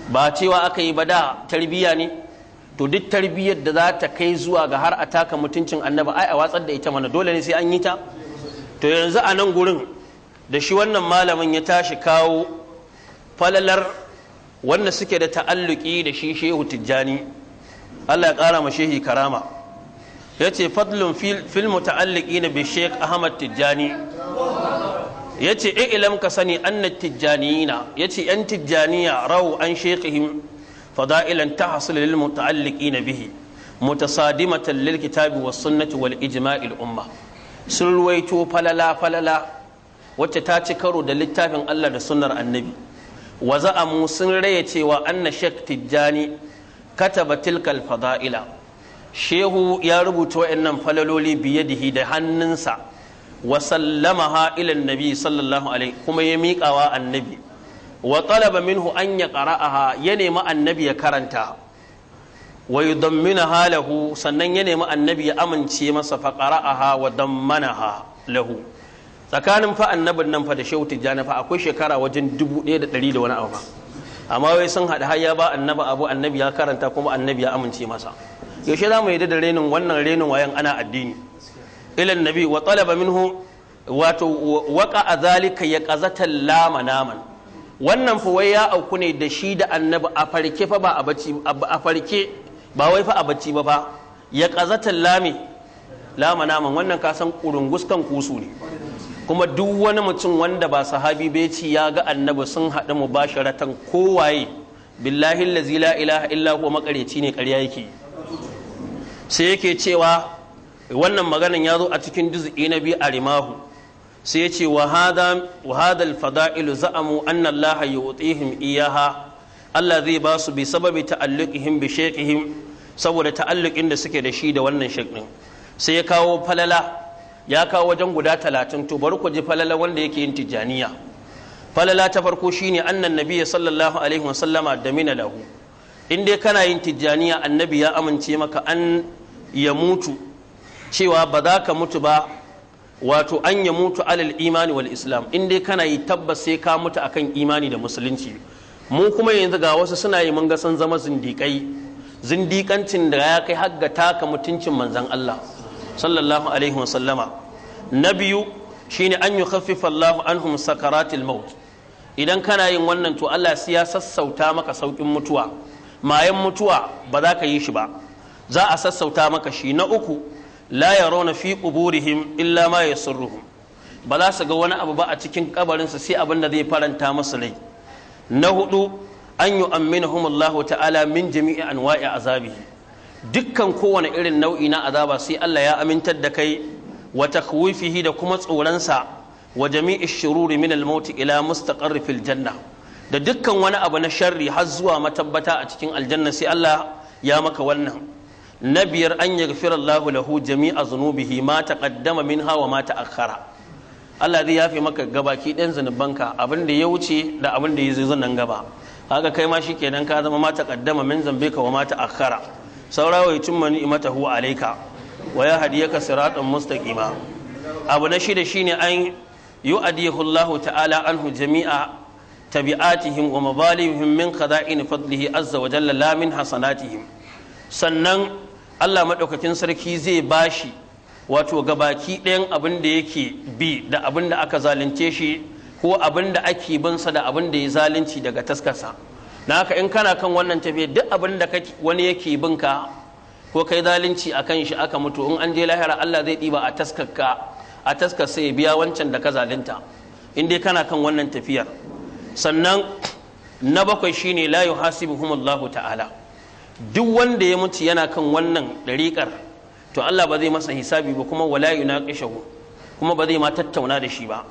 ba cewa aka yi ba da tarbiyya ne to duk tarbiyyar da za ta kai zuwa ga har a taka mutuncin annaba ai a watsar da ita mana dole ne sai an yi ta to yanzu a nan gurin da shi wannan malamin ya tashi kawo falalar wanda suke da ta'alluki da shi shehu tijjani Allah ya ƙara ma shehi karama ya ce fadlun fil muta'alliki na bi sheik ahmad tijjani ya ce e, ilam ka sani anna tijjaniyina ya ce yan tijjaniya rawu an sheikhihim fada'ilan ta hasil lil muta'alliki na bihi mutasadimatan lil kitabi was sunnati wal ijma'il umma sun ruwaito falala falala wacce ta ci karo da littafin Allah da sunnar annabi wa za'amu sun raya cewa anna shek tijjani kataba tilkal fada'ila shehu ya rubuta wa'annan falaloli biyadihi da hannunsa wa sallamaha ila annabi sallallahu alaihi kuma ya miƙawa annabi wa talaba minhu an ya qara'aha ya nemi annabi ya karanta wa yudammina halahu sannan ya nemi annabi ya amince masa fa qara'aha wa dammanaha lahu tsakanin fa annabin nan fa da shehu tijjani fa akwai shekara wajen dubu ɗaya da ɗari da wani abu amma wai sun haɗa har ya ba annaba abu annabi ya karanta kuma annabi ya amince masa yaushe za mu yi da renin wannan renin wayan ana addini ilan nabi wa talaba minhu wato waka a zalika ya kazata lama naman wannan fa wai ya auku ne da shi da annabi a farke fa ba a farke ba wai fa a bacci ba fa ya kazata lami lama naman wannan kasan kurunguskan kusu ne kuma duk wani mutum wanda ba su bai ya ga annabi sun haɗu mu ba sharatan kowaye billahi lazi la ilaha illa ko makareci ne karya yake sai yake cewa wannan maganan ya zo a cikin juz'i na biyu a rimahu sai ya ce wa hada al-fada'ilu za'amu anna Allah yu'tihim iyaha Allah zai ba su bi sababi ta'alluqihim bi shaykhihim saboda ta'alluqin da suke da shi da wannan shaykhin sai ya kawo falala ya kawo wajen guda talatin to bari ku ji falala wanda yake yin tijjaniya falala ta farko shine annan nabi sallallahu alaihi wa sallama da mina lahu in dai kana yin tijjaniya annabi ya amince maka an ya mutu cewa ba za ka mutu ba wato an ya mutu alal imani wal islam in dai kana yi tabbas sai ka mutu akan imani da musulunci mu kuma yanzu ga wasu suna yi mun ga san zama zindikai, zindikancin da ya kai har ga taka mutuncin manzon Allah sallallahu alaihi wa na biyu shine an yi khaffifa Allah anhum sakaratil maut idan kana yin wannan to Allah sai ya sassauta maka saukin mutuwa mayan mutuwa ba za ka yi shi ba za a sassauta maka shi na uku la yarawna fi quburihim illa ma yasurruhum ba za su ga wani abu ba a cikin kabarinsa sai abin da zai faranta masu rai na hudu an yi amminahum Allah ta'ala min jami'i anwa'i azabihi dukkan kowane irin nau'i na azaba sai Allah ya amintar da kai wa takwifihi da kuma tsoronsa wa jami'i shururi min al-maut ila mustaqarr fil janna da dukkan wani abu na sharri har zuwa matabbata a cikin aljanna sai Allah ya maka wannan na biyar an yaghfira Allah lahu jami'a zunubihi ma taqaddama minha wa ma ta'akhkhara Allah zai yafe maka gabaki ɗan zunubanka abin da ya wuce da abin da ya zo nan gaba haka kai ma shikenan ka zama ma taqaddama min zambika wa ma ta'akhkhara saura wa cimma ni'matahu alaika wa ya ka siratan mustaqima abu na shida shine an yu'adihu Allahu ta'ala anhu jami'a tabi'atihim wa mabalihim min qada'in fadlihi azza wa jalla la min hasanatihim sannan Allah madaukakin sarki zai bashi wato gabaki ɗayan abin da yake bi da abin da aka zalunce shi ko abin da ake binsa da abin da ya zalunci daga taskarsa na haka in kana kan wannan tafiya duk abin da wani yake bin ko kai zalunci a kan shi aka mutu in an je lahira Allah zai ɗiba a taskarka a taskar sai ya biya wancan da ka zalunta in dai kana kan wannan tafiyar sannan na bakwai shine la yuhasibuhum Allahu ta'ala duk wanda ya mutu yana kan wannan dariƙar to Allah ba zai masa hisabi ba kuma wala yunaqishahu kuma ba zai ma tattauna da shi ba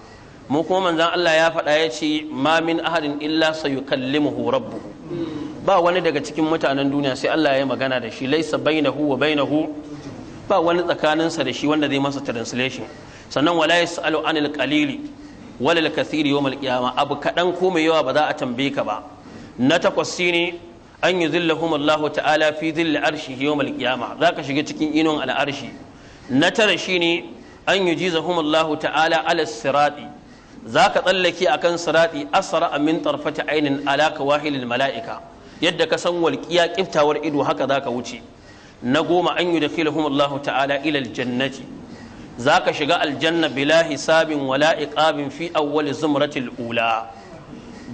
mu kuma manzon Allah ya faɗa ya ce ma min ahadin illa sayukallimuhu rabbuhu ba wani daga cikin mutanen duniya sai Allah ya magana da shi laisa bainahu wa bainahu ba wani tsakaninsa da shi wanda zai masa translation sannan wala yasalu anil qalili wala al-kathir yawm al-qiyamah abu kadan ko mai yawa ba za a tambaye ka ba na takwas shine an yuzillahum Allah ta'ala fi dhill arshi yawm al-qiyamah zaka shiga cikin inon al-arshi na tara shine an yujizahum Allah ta'ala ala sirati za ka tsallake a kan siraɗi asara min tarfata ainin alaka wahilin mala'ika yadda ka san walƙiya ƙiftawar ido haka za ka wuce na goma an yi da filahum ta'ala ilal jannati za ka shiga aljanna bila hisabin wala iqabin fi awwali zumratil ula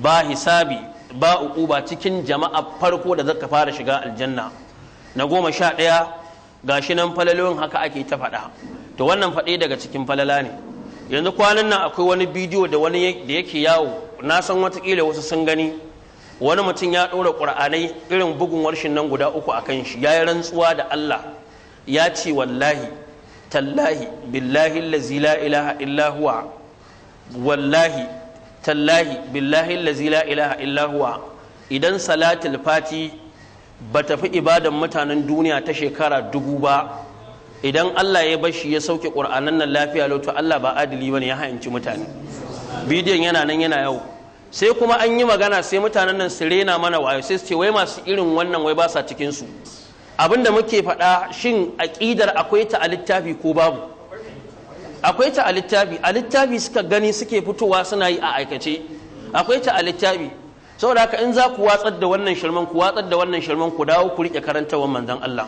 ba hisabi ba uquba cikin jama'a farko da zaka fara shiga aljanna na goma sha ɗaya gashi nan falalolin haka ake ta faɗa to wannan faɗe daga cikin falala ne yanzu kwanan nan akwai wani bidiyo da wani da yake yawo na san watakila wasu sun gani wani mutum ya ɗora ƙur'anai irin bugun warshin nan guda uku a kan shi ya yi rantsuwa da allah ya ce wallahi tallahi billahi lazi la ilaha illa wallahi tallahi billahi lazi la ilaha illa idan salatul fati ba tafi ibadan mutanen duniya ta shekara dubu ba idan Allah ya bashi ya sauke ƙur'anan nan lafiya lauto Allah ba adili bane ya hayanci mutane bidiyon yana nan yana yau sai kuma an yi magana sai mutanen nan su rena mana wayo sai su ce wai masu irin wannan wai ba sa cikin su da muke faɗa shin aƙidar akwai ta a littafi ko babu akwai ta a littafi a littafi suka gani suke fitowa suna yi a aikace akwai ta a littafi saboda haka in za ku watsar da wannan shirman ku watsar da wannan shirman ku dawo ku rike karantawar manzon Allah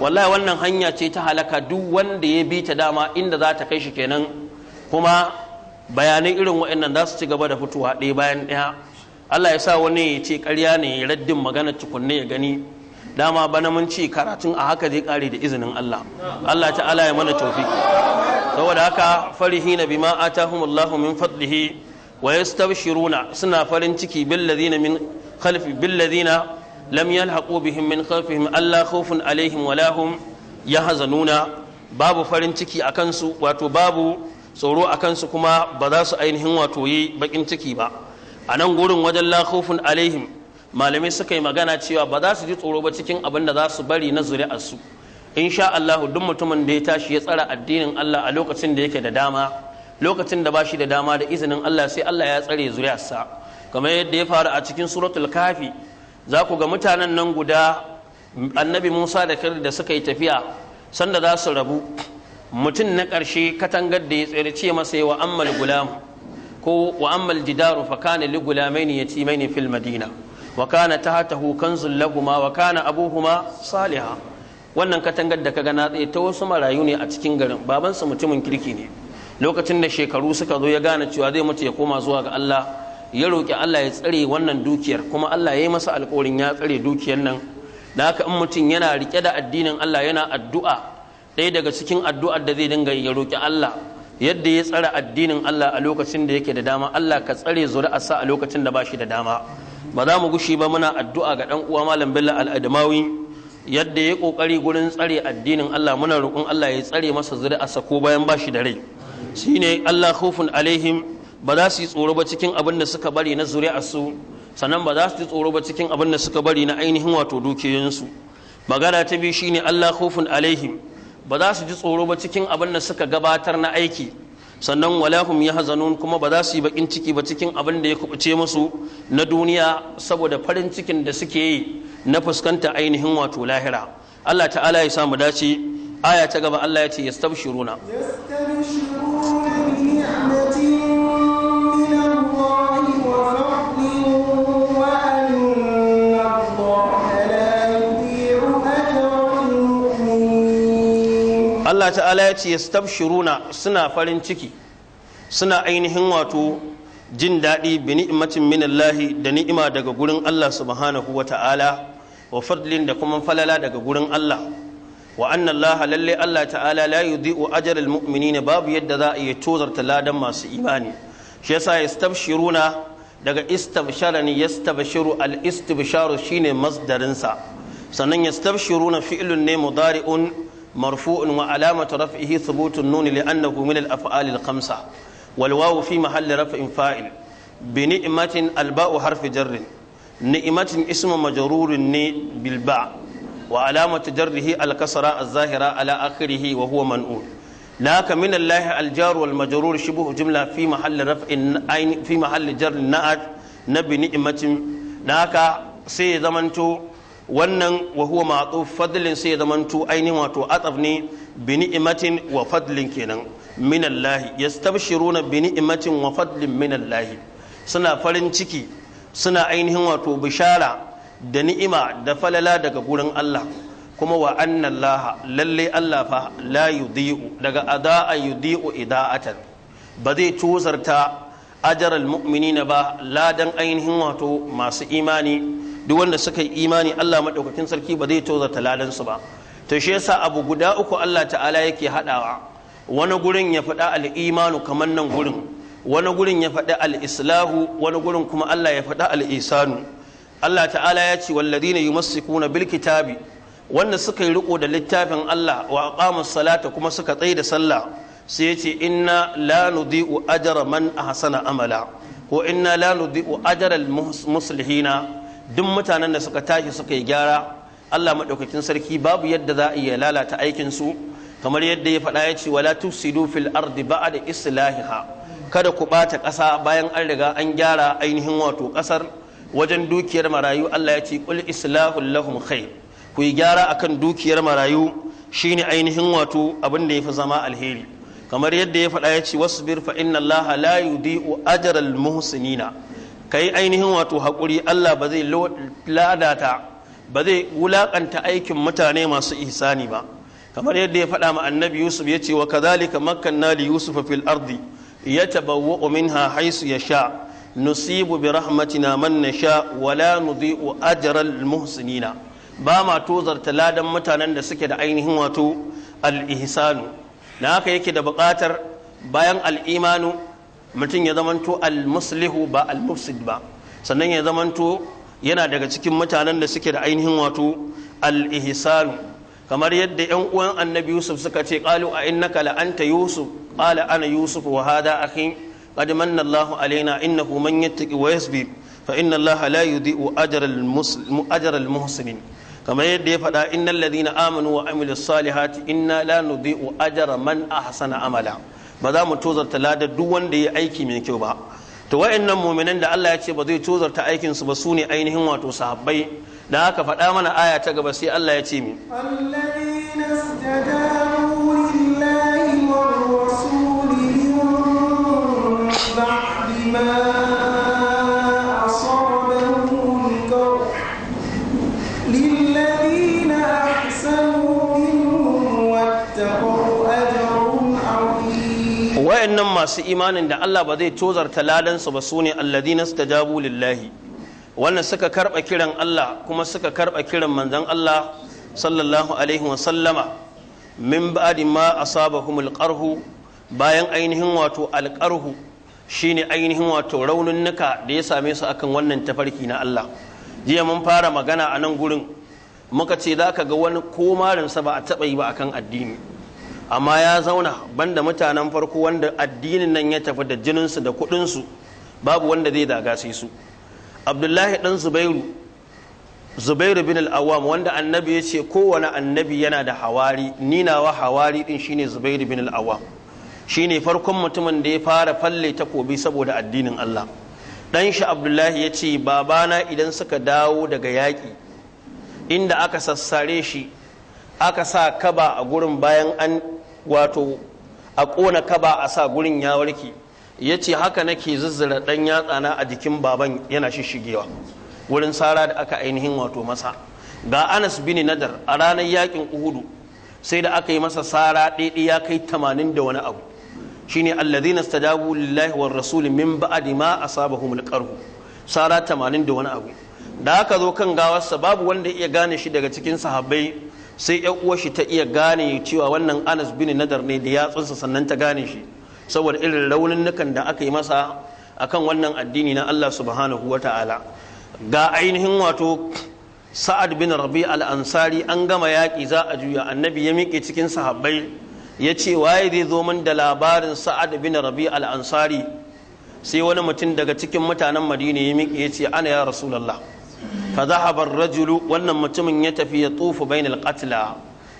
wallahi wannan hanya ce ta halaka duk wanda ya bi ta dama inda za ta kai shi kenan kuma bayanai irin waɗannan za su ci gaba da fitowa ɗaya bayan daya Allah ya sa wani ya ce ƙarya ne ya raddin magana tukunne ya gani dama bana mun ci karatun a haka zai kare da izinin Allah Allah ta'ala ya mana tawfiki saboda haka farihina bima atahumullahu min fadlihi wa yastabshiruna suna farin ciki bil ladina min khalfi bil ladina lam yalhaqu bihim min khalfihim alla khawfun alaihim wala hum yahzanuna babu farin ciki akan su wato babu tsoro akan su kuma ba za su ainihin wato yi bakin ciki ba a nan gurin wajen la khawfun alaihim malamai suka yi magana cewa ba za su ji tsoro ba cikin abin da za su bari na zuri'arsu insha Allah duk mutumin da ya tashi ya tsara addinin Allah a lokacin da yake da dama lokacin da ba shi da dama da izinin Allah sai Allah ya tsare zuriyarsa kamar yadda ya faru a cikin suratul kafi za ku ga mutanen nan guda annabi Musa da kar da suka yi tafiya sanda za su rabu mutum na ƙarshe katangar da ya tsere ce masa wa ammal gulam ko wa ammal jidaru fa kana li gulamaini yatimaini fil madina wa kana tahtahu kanzul lahumu wa kana abuhuma saliha wannan katangar da kaga na tsaye ta wasu marayu ne a cikin garin babansa mutumin kirki ne lokacin da shekaru suka zo ya gane cewa zai mutu ya koma zuwa ga Allah ya roƙi Allah ya tsare wannan dukiyar kuma Allah ya yi masa alƙawarin ya tsare dukiyar nan da haka in mutum yana rike da addinin Allah yana addu'a ɗaya daga cikin addu'ar da zai dinga ya roƙi Allah yadda ya tsare addinin Allah a lokacin da yake da dama Allah ka tsare zuri'arsa a lokacin da ba shi da dama ba za mu gushi ba muna addu'a ga ɗan uwa malam bello al'adamawi yadda ya ƙoƙari gurin tsare addinin Allah muna roƙon Allah ya tsare masa zuri'arsa ko bayan ba shi da rai shine Allah khufun alaihim ba za su yi tsoro ba cikin abin da suka bari na zuri'arsu sannan ba za su yi tsoro ba cikin abin da suka bari na ainihin wato dukiyoyinsu magana ta biyu shine Allah khufun alaihim ba za su ji tsoro ba cikin abin da suka gabatar na aiki sannan ya hazanun kuma ba za su yi bakin ciki ba cikin abin da ya kubuce musu na duniya saboda farin cikin da suke yi na fuskanta ainihin wato lahira Allah ta'ala ya samu dace aya ta gaba Allah ya ce yastabshiruna yastabshiruna Allah ta'ala ya ce yastabshiruna suna farin ciki suna ainihin wato jin daɗi bi ni'matin minallahi da ni'ima daga gurin Allah subhanahu wa ta'ala wa fadlin da kuma falala daga gurin Allah wa annan Allah lalle Allah ta'ala la yudhi'u ajral mu'minina babu yadda za a yi tozarta ladan masu imani shi yasa yastabshiruna daga istabsharani yastabshiru al istibsharu shine masdarinsa sannan yastabshiruna fi'lun ne mudari'un مرفوع وعلامة رفعه ثبوت النون لأنه من الأفعال الخمسة والواو في محل رفع فاعل بنعمة الباء حرف جر نعمة اسم مجرور بالباء وعلامة جره الكسرة الظاهرة على آخره وهو منقول لك من الله الجار والمجرور شبه جملة في محل رفع في محل جر النعت نبي نعمة لك سي زمنتو wannan wa huwa ma'tuf fadlin sai zamanto ainihin wato ataf ne bi wa fadlin kenan min ya yastabshiruna bi ni'matin wa fadlin min suna farin ciki suna ainihin wato bishara da ni'ima da falala daga gurin Allah kuma wa annallaha Allah lalle Allah fa la yudhi'u daga adaa yudhi'u ida'atan ba zai tuzarta ajaral mu'minina ba ladan ainihin wato masu imani duk wanda suka yi imani Allah maɗaukakin sarki ba zai tozarta ladan ba to shi yasa abu guda uku Allah ta'ala yake hadawa wani gurin ya faɗa al kamar nan gurin wani gurin ya faɗi al'islahu islahu wani gurin kuma Allah ya faɗa al-isanu Allah ta'ala ya ce walladina yumassikuna bil kitabi wanda suka yi riko da littafin Allah wa aqamus salata kuma suka tsaye da sallah sai ya ce inna la nudi'u ajra man ahsana amala ko inna la nudi'u ajra al muslihina duk mutanen da suka tashi suka yi gyara Allah maɗaukacin sarki babu yadda za a iya lalata aikin su kamar yadda ya faɗa ya ce wala tufsidu fil ardi ba'da islahiha kada ku bata ƙasa bayan an riga an gyara ainihin wato ƙasar wajen dukiyar marayu Allah ya ce qul islahul lahum khair ku yi gyara akan dukiyar marayu shine ainihin wato abin da ya fi zama alheri kamar yadda ya faɗa ya ce bir fa inna allaha la yudi'u ajral muhsinina ka yi ainihin wato haƙuri Allah ba zai ladata ba zai wulaƙanta aikin mutane masu ihsani ba kamar yadda ya faɗa ma annabi yusuf ya ce wa kazalika makkanna li yusuf fil ardi yatabawwa'u minha haythu yasha nusibu bi rahmatina man na wa la nudhi'u ajral muhsinina ba ma tozarta ladan mutanen da suke da ainihin wato al-ihsanu na haka yake da buƙatar bayan al-imanu mutum ya zamanto al-muslihu ba al-mufsid ba sannan ya zamanto yana daga cikin mutanen da suke da ainihin wato al-ihsan kamar yadda yan uwan annabi yusuf suka ce qalu a innaka la anta yusuf qala ana yusuf wa hada akhi qad manna allah alaina innahu man yattaqi wa yasbir fa inna allah la yudhi'u ajra al ajra al-muhsinin kamar yadda ya faɗa innal ladina amanu wa amilus salihati inna la nudhi'u ajra man ahsana amala ba za mu tozarta lada duk wanda ya aiki mai kyau ba to wayannan muminan da Allah ya ce ba zai tozarta aikin su ba su ne ainihin wato sahabbai da haka faɗa mana aya ta gaba sai Allah ya ce mi masu imanin da Allah ba zai tozarta lalansu ba su ne alladina stajabu lillahi wannan suka karba kiran Allah kuma suka karba kiran manzon Allah sallallahu alaihi wa sallama min ba'di ma asabahumul qarhu bayan ainihin wato alqarhu shine ainihin wato raunin nuka da ya same su akan wannan tafarki na Allah jiya mun fara magana a nan gurin muka ce za ka ga wani sa ba a taɓa yi ba akan addini amma ya zauna banda mutanen farko wanda addinin nan ya tafi da jininsu da kuɗinsu babu wanda zai daga sai su abdullahi ɗan zubairu zubairu bin al'awam wanda annabi ya ce kowane annabi yana da hawari ninawa hawari ɗin shine zubairu bin al'awam shine farkon mutumin da ya fara falle takobi saboda addinin allah ɗan shi abdullahi ya ce babana idan suka dawo daga yaƙi inda aka sassare shi aka sa kaba a gurin bayan an wato a ƙona kaba a sa gurin ya warke ya ce haka nake zuzzura ɗan yatsana a jikin baban yana shishigewa wurin sara da aka ainihin wato masa ga anas bin nadar a ranar yakin uhudu sai da aka yi masa sara ɗaiɗai ya kai tamanin da wani abu shine alladhina istadabu lillahi war rasul min ba'di ma asabahum alqarhu sara tamanin da wani abu da aka zo kan gawarsa babu wanda ya gane shi daga cikin sahabbai sai yan uwar shi ta iya gane cewa wannan Anas bin Nadar ne da yatsunsa sannan ta gane shi saboda irin raunin da aka yi masa akan wannan addini na Allah subhanahu wa ta'ala ga ainihin wato sa'ad bin rabi al-ansari an gama yaƙi za a juya annabi ya miƙe cikin sahabbai ya ce waye zai zo min da labarin sa'ad bin rabi al-ansari sai wani mutum daga cikin mutanen madina ya miƙe ya ce ana ya rasulallah fa dhahaba rajulu wannan mutumin ya tafi ya tufu bainal qatla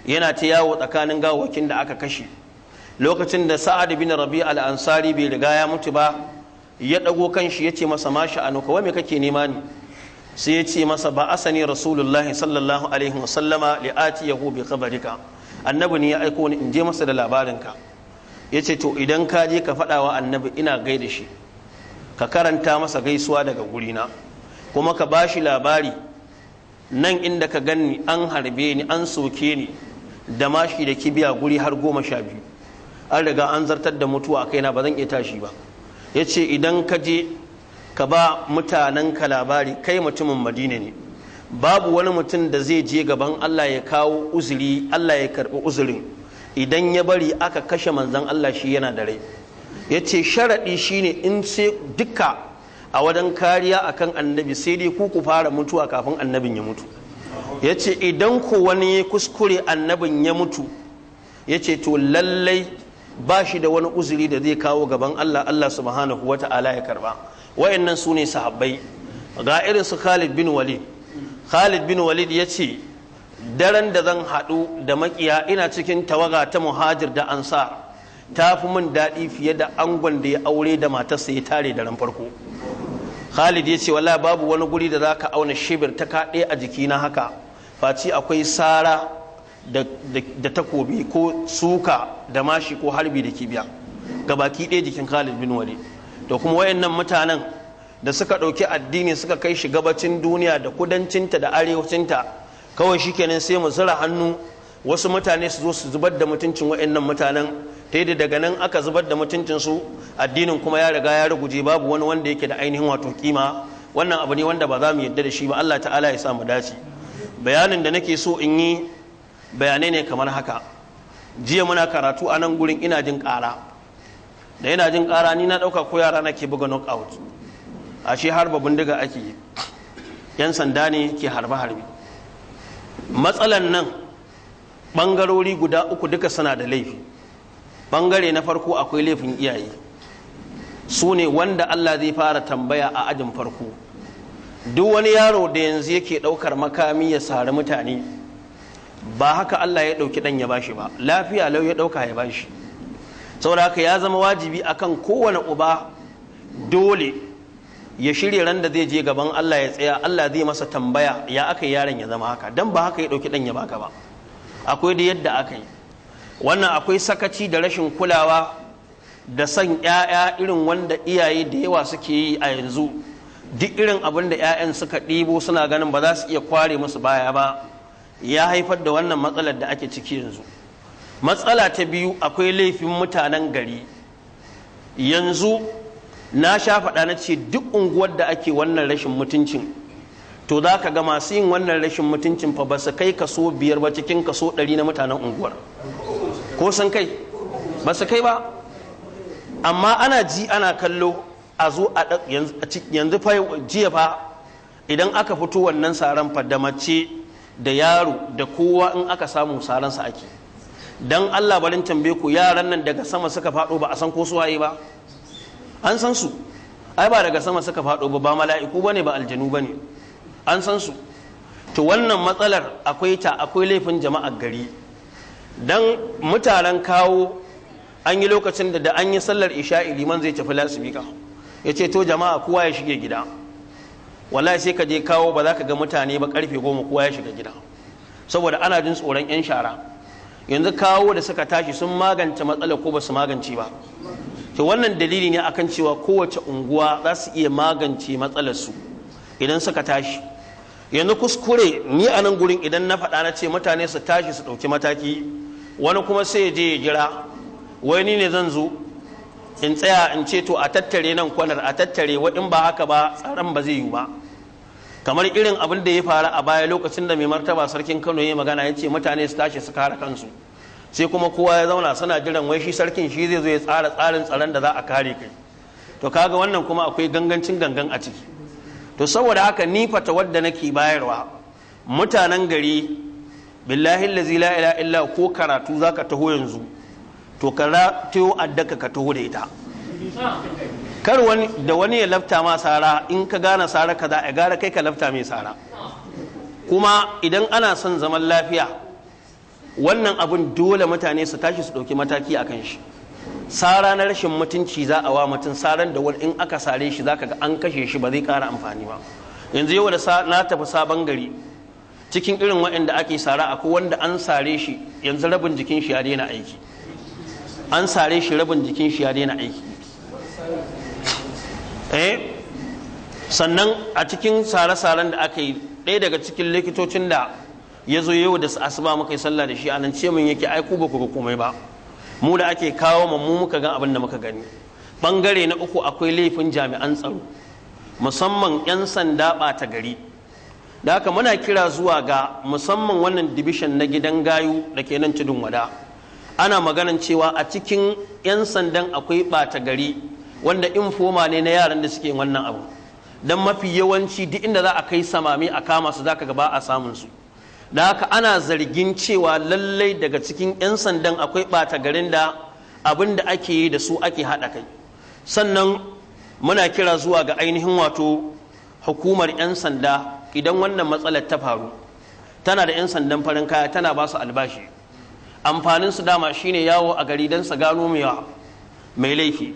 yana ta yawo tsakanin gawakin da aka kashe lokacin da sa'ad bin rabi al-ansari bai riga ya mutu ba ya dago kanshi yace masa mashi anuka wai me kake nema ni sai ya ce masa ba asani rasulullahi sallallahu alaihi wasallama li'ati yahu bi qabrika annabi ne ya aiko ni in je masa da labarinka ya ce to idan ka je ka faɗawa annabi ina gaida shi ka karanta masa gaisuwa daga gurina kuma ka ba shi labari nan inda ka ganni an harbe ni an soke ni da mashi da kibiya guri har goma sha biyu an riga an zartar da mutuwa a kaina ba zan iya tashi ba ya ce idan ka je ka ba mutanen ka labari kai mutumin madina ne babu wani mutum da zai je gaban allah ya kawo uzuri allah ya karɓi uzurin idan ya bari aka kashe manzan allah shi yana da rai ya ce sharaɗi shine in sai duka a wajen kariya akan annabi sai dai ku ku fara mutuwa kafin annabin ya mutu ya ce idan ku wani kuskure annabin ya mutu ya ce to lallai ba shi da wani uzuri da zai kawo gaban Allah Allah subhanahu wa ta'ala ya karba wayannan su ne sahabbai ga irin su Khalid bin Walid Khalid bin Walid ya ce daren da zan haɗu da makiya ina cikin tawaga ta muhajir da ansar ta fi min daɗi fiye da angon da ya aure da matarsa ya tare da ran farko Khalid ya ce wallahi babu wani guri da zaka auna shibir ta kaɗe a jiki na haka faci akwai sara da takobi ko suka da mashi ko harbi da kibiya ga baki ɗaya jikin Khalid bin da kuma wayannan mutanen da suka ɗauki addini suka kai shi gabacin duniya da kudancinta da arewacinta kawai shikenan sai mu zura hannu wasu mutane su zo su zubar da mutuncin wayannan mutanen ta yi daga nan aka zubar da mutuncinsu addinin kuma ya riga ya ruguje babu wani wanda yake da ainihin wato kima wannan abu ne wanda ba za mu yadda da shi ba Allah ta'ala ya sa mu dace bayanin da nake so in yi bayanai ne kamar haka jiya muna karatu a nan gurin ina jin ƙara da ina jin kara ni na ɗauka ko yara nake buga knock a ashe harba bindiga ake yi yan sanda ne ke harbe harbi matsalan nan bangarori guda uku duka suna da laifi bangare na farko akwai laifin iyaye su ne wanda Allah zai fara tambaya a ajin farko duk wani yaro da yanzu yake ɗaukar makami ya sari mutane ba haka Allah ya ɗauki ɗan ya bashi ba lafiya lau ya ɗauka ya bashi saboda haka ya zama wajibi akan kowane uba dole ya shirya ran da zai je gaban Allah ya tsaya Allah zai masa tambaya ya aka yaron ya zama haka dan ba haka ya ɗauki ɗan ya baka ba akwai da yadda aka yi wannan akwai sakaci da rashin kulawa da son 'ya'ya irin wanda iyaye da yawa suke yi a yanzu duk irin abin da 'ya'yan suka ɗibo suna ganin ba za su iya kware musu baya ba ya haifar da wannan matsalar da ake ciki yanzu matsala ta biyu akwai laifin mutanen gari yanzu na sha faɗa na ce duk unguwar da ake wannan rashin mutuncin to za ka ga masu yin wannan rashin mutuncin fa ba su kai kaso biyar ba cikin kaso ɗari na mutanen unguwar ko sun kai ba su kai ba amma ana ji ana kallo a zo a yanzu fa jiya fa idan aka fito wannan saran fa da mace da yaro da kowa in aka samu sa ake dan Allah barin tambaye ku yaran nan daga sama suka faɗo ba a san ko su waye ba an san su ai ba daga sama suka faɗo ba ba mala'iku bane ba aljanu bane an san su to wannan matsalar akwai ta akwai laifin jama'ar gari dan mutanen kawo an yi lokacin da da an yi sallar isha'i liman zai tafi lasibika ya ce to jama'a kowa ya shige gida wallahi sai ka je kawo ba za ka ga mutane ba karfe goma kowa ya shiga gida saboda ana jin tsoron yan shara yanzu kawo da suka tashi sun magance matsalar ko ba su magance ba to wannan dalili ne akan cewa kowace unguwa za su iya magance matsalar su idan suka tashi yanzu kuskure ni a nan gurin idan na faɗa na ce mutane su tashi su ɗauki mataki wani kuma sai je ya jira wani ne zan zo in tsaya in ce to a tattare nan kwanar a tattare wa in ba haka ba tsaron ba zai yi ba kamar irin abin da ya faru a baya lokacin da mai martaba sarkin kano ya magana ya ce mutane su tashi su kare kansu sai kuma kowa ya zauna suna jiran wai shi sarkin shi zai zo ya tsara tsarin tsaron da za a kare kai to kaga wannan kuma akwai gangancin gangan a ciki to saboda haka ni fata wadda nake bayarwa mutanen gari billahi allazi la ila illa ko karatu zaka taho yanzu to ka addaka ka taho da ita kar wani da wani ya lafta ma sara in ka gane sara kaza a gara kai ka lafta mai sara kuma idan ana son zaman lafiya wannan abun dole mutane su tashi su dauki mataki akan shi sara na rashin mutunci za a wa mutum saran da wani in aka sare shi za ga an kashe shi ba zai kara amfani ba yanzu yau da na tafi sabon gari cikin irin waɗanda ake sara akwai wanda an sare shi yanzu rabin jikin shi ya daina aiki an sare shi rabin jikin shi ya daina aiki eh sannan a cikin sare-saren da aka yi ɗaya daga cikin likitocin da ya zo yau da asuba muka yi sallah da shi a nan ce min yake aiku ba ku komai ba mu da ake kawo mu muka gan abin da muka gani bangare na uku akwai laifin jami'an tsaro musamman 'yan sanda ɓata gari da haka muna kira zuwa ga musamman wannan division na gidan gayu da ke nan tudun wada ana maganan cewa a cikin 'yan sandan akwai ɓata gari wanda infoma ne na yaran da suke wannan abu don mafi yawanci duk inda za a kai samami a kama su za ka gaba a samun su da haka ana zargin cewa lallai daga cikin 'yan sandan akwai ɓata garin da abin da ake yi da su ake haɗa kai sannan muna kira zuwa ga ainihin wato hukumar 'yan sanda idan wannan matsalar ta faru tana da 'yan sandan farin kaya tana ba su albashi amfanin su dama shine yawo a gari don su gano mai laifi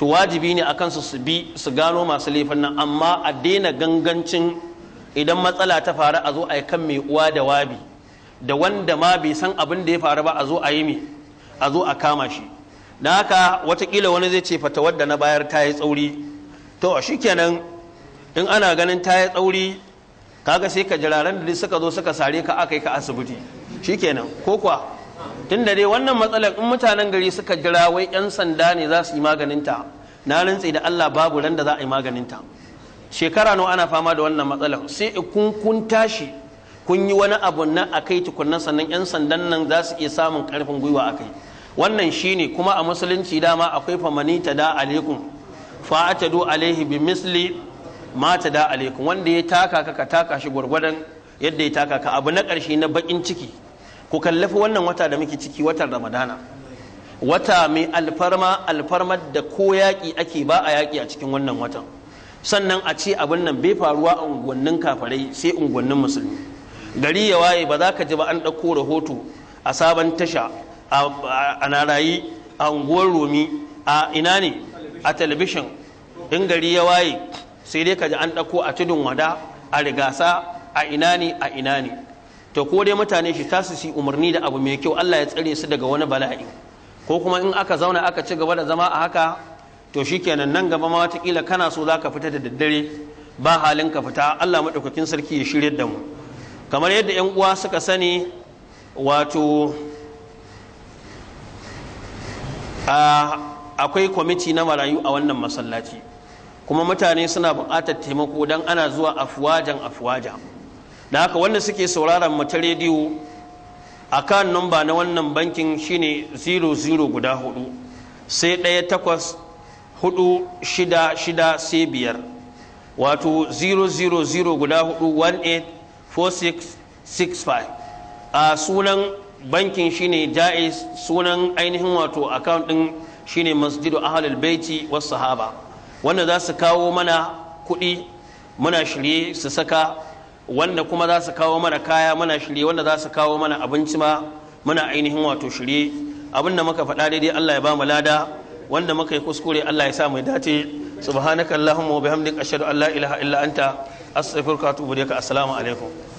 to wajibi ne a kansu su bi su gano masu laifin nan amma a daina gangancin idan matsala ta faru a zo a yi kan mai uwa da wabi da wanda ma bai san abin da ya faru ba a zo a yi mai a zo a kama shi da haka watakila wani zai ce ta wadda na bayar ta yi tsauri to a shi kenan in ana ganin ta yi tsauri kaga sai ka jiraran da suka zo suka sare ka aka yi ka asibiti shi kenan ko kuwa tun da dai wannan matsalar in mutanen gari suka jira wai yan sanda ne za su yi maganinta na rantse da Allah babu ran da za a yi maganinta shekara nawa ana fama da wannan matsalar sai kun kun tashi kun yi wani abu na akai tukunnan sannan yan sandan nan za su iya samun karfin gwiwa akai wannan shine kuma a musulunci dama akwai famanita da alaikum fa'atadu alaihi bi misli mata da alaikum wanda ya taka ka ka taka shi gwargwadon yadda ya taka ka abu na ƙarshe na baƙin ciki ku kallafi wannan wata da muke ciki watan ramadana wata mai alfarma alfarma da ko yaƙi ake ba a yaƙi a cikin wannan watan sannan a ce abin nan bai faruwa a unguwannin kafarai sai unguwannin musulmi gari ya waye ba za ka ji ba an ɗauko rahoto a sabon tasha a narayi a unguwar romi a ina ne a talabishin in gari ya waye sai dai ka ji an ɗauko a tudun wada a rigasa a ina ne a ina ne to ko dai mutane shi tasu su umarni da abu mai kyau Allah ya tsare su daga wani bala'i ko kuma in aka zauna aka ci gaba da zama a haka to shi shikenan nan gaba ma kila kana so zaka fita da daddare ba halin ka fita Allah maɗaukakin sarki ya shirye da mu kamar yadda yan uwa suka sani wato akwai kwamiti na marayu a wannan masallaci kuma mutane suna buƙatar taimako don ana zuwa afuwajan afuwaja da haka wanda suke sauraron mu ta rediyo a kan numba na wannan bankin shine 00 guda hudu sai ɗaya takwas hudu shida shida sai biyar wato 000 guda hudu a sunan bankin shine jais sunan ainihin wato account din shine masjidu ahlul baiti was sahaba wanda za su kawo mana kuɗi muna shirye su saka wanda kuma za su kawo mana kaya muna shirye wanda za su kawo mana abinci ma muna ainihin wato shirye abin da muka faɗa daidai Allah ya ba mu lada wanda muka yi kuskure Allah ya sa mu dace subhanaka allahumma wa bihamdika ashhadu an la ilaha illa anta astaghfiruka wa atubu ilaik assalamu alaikum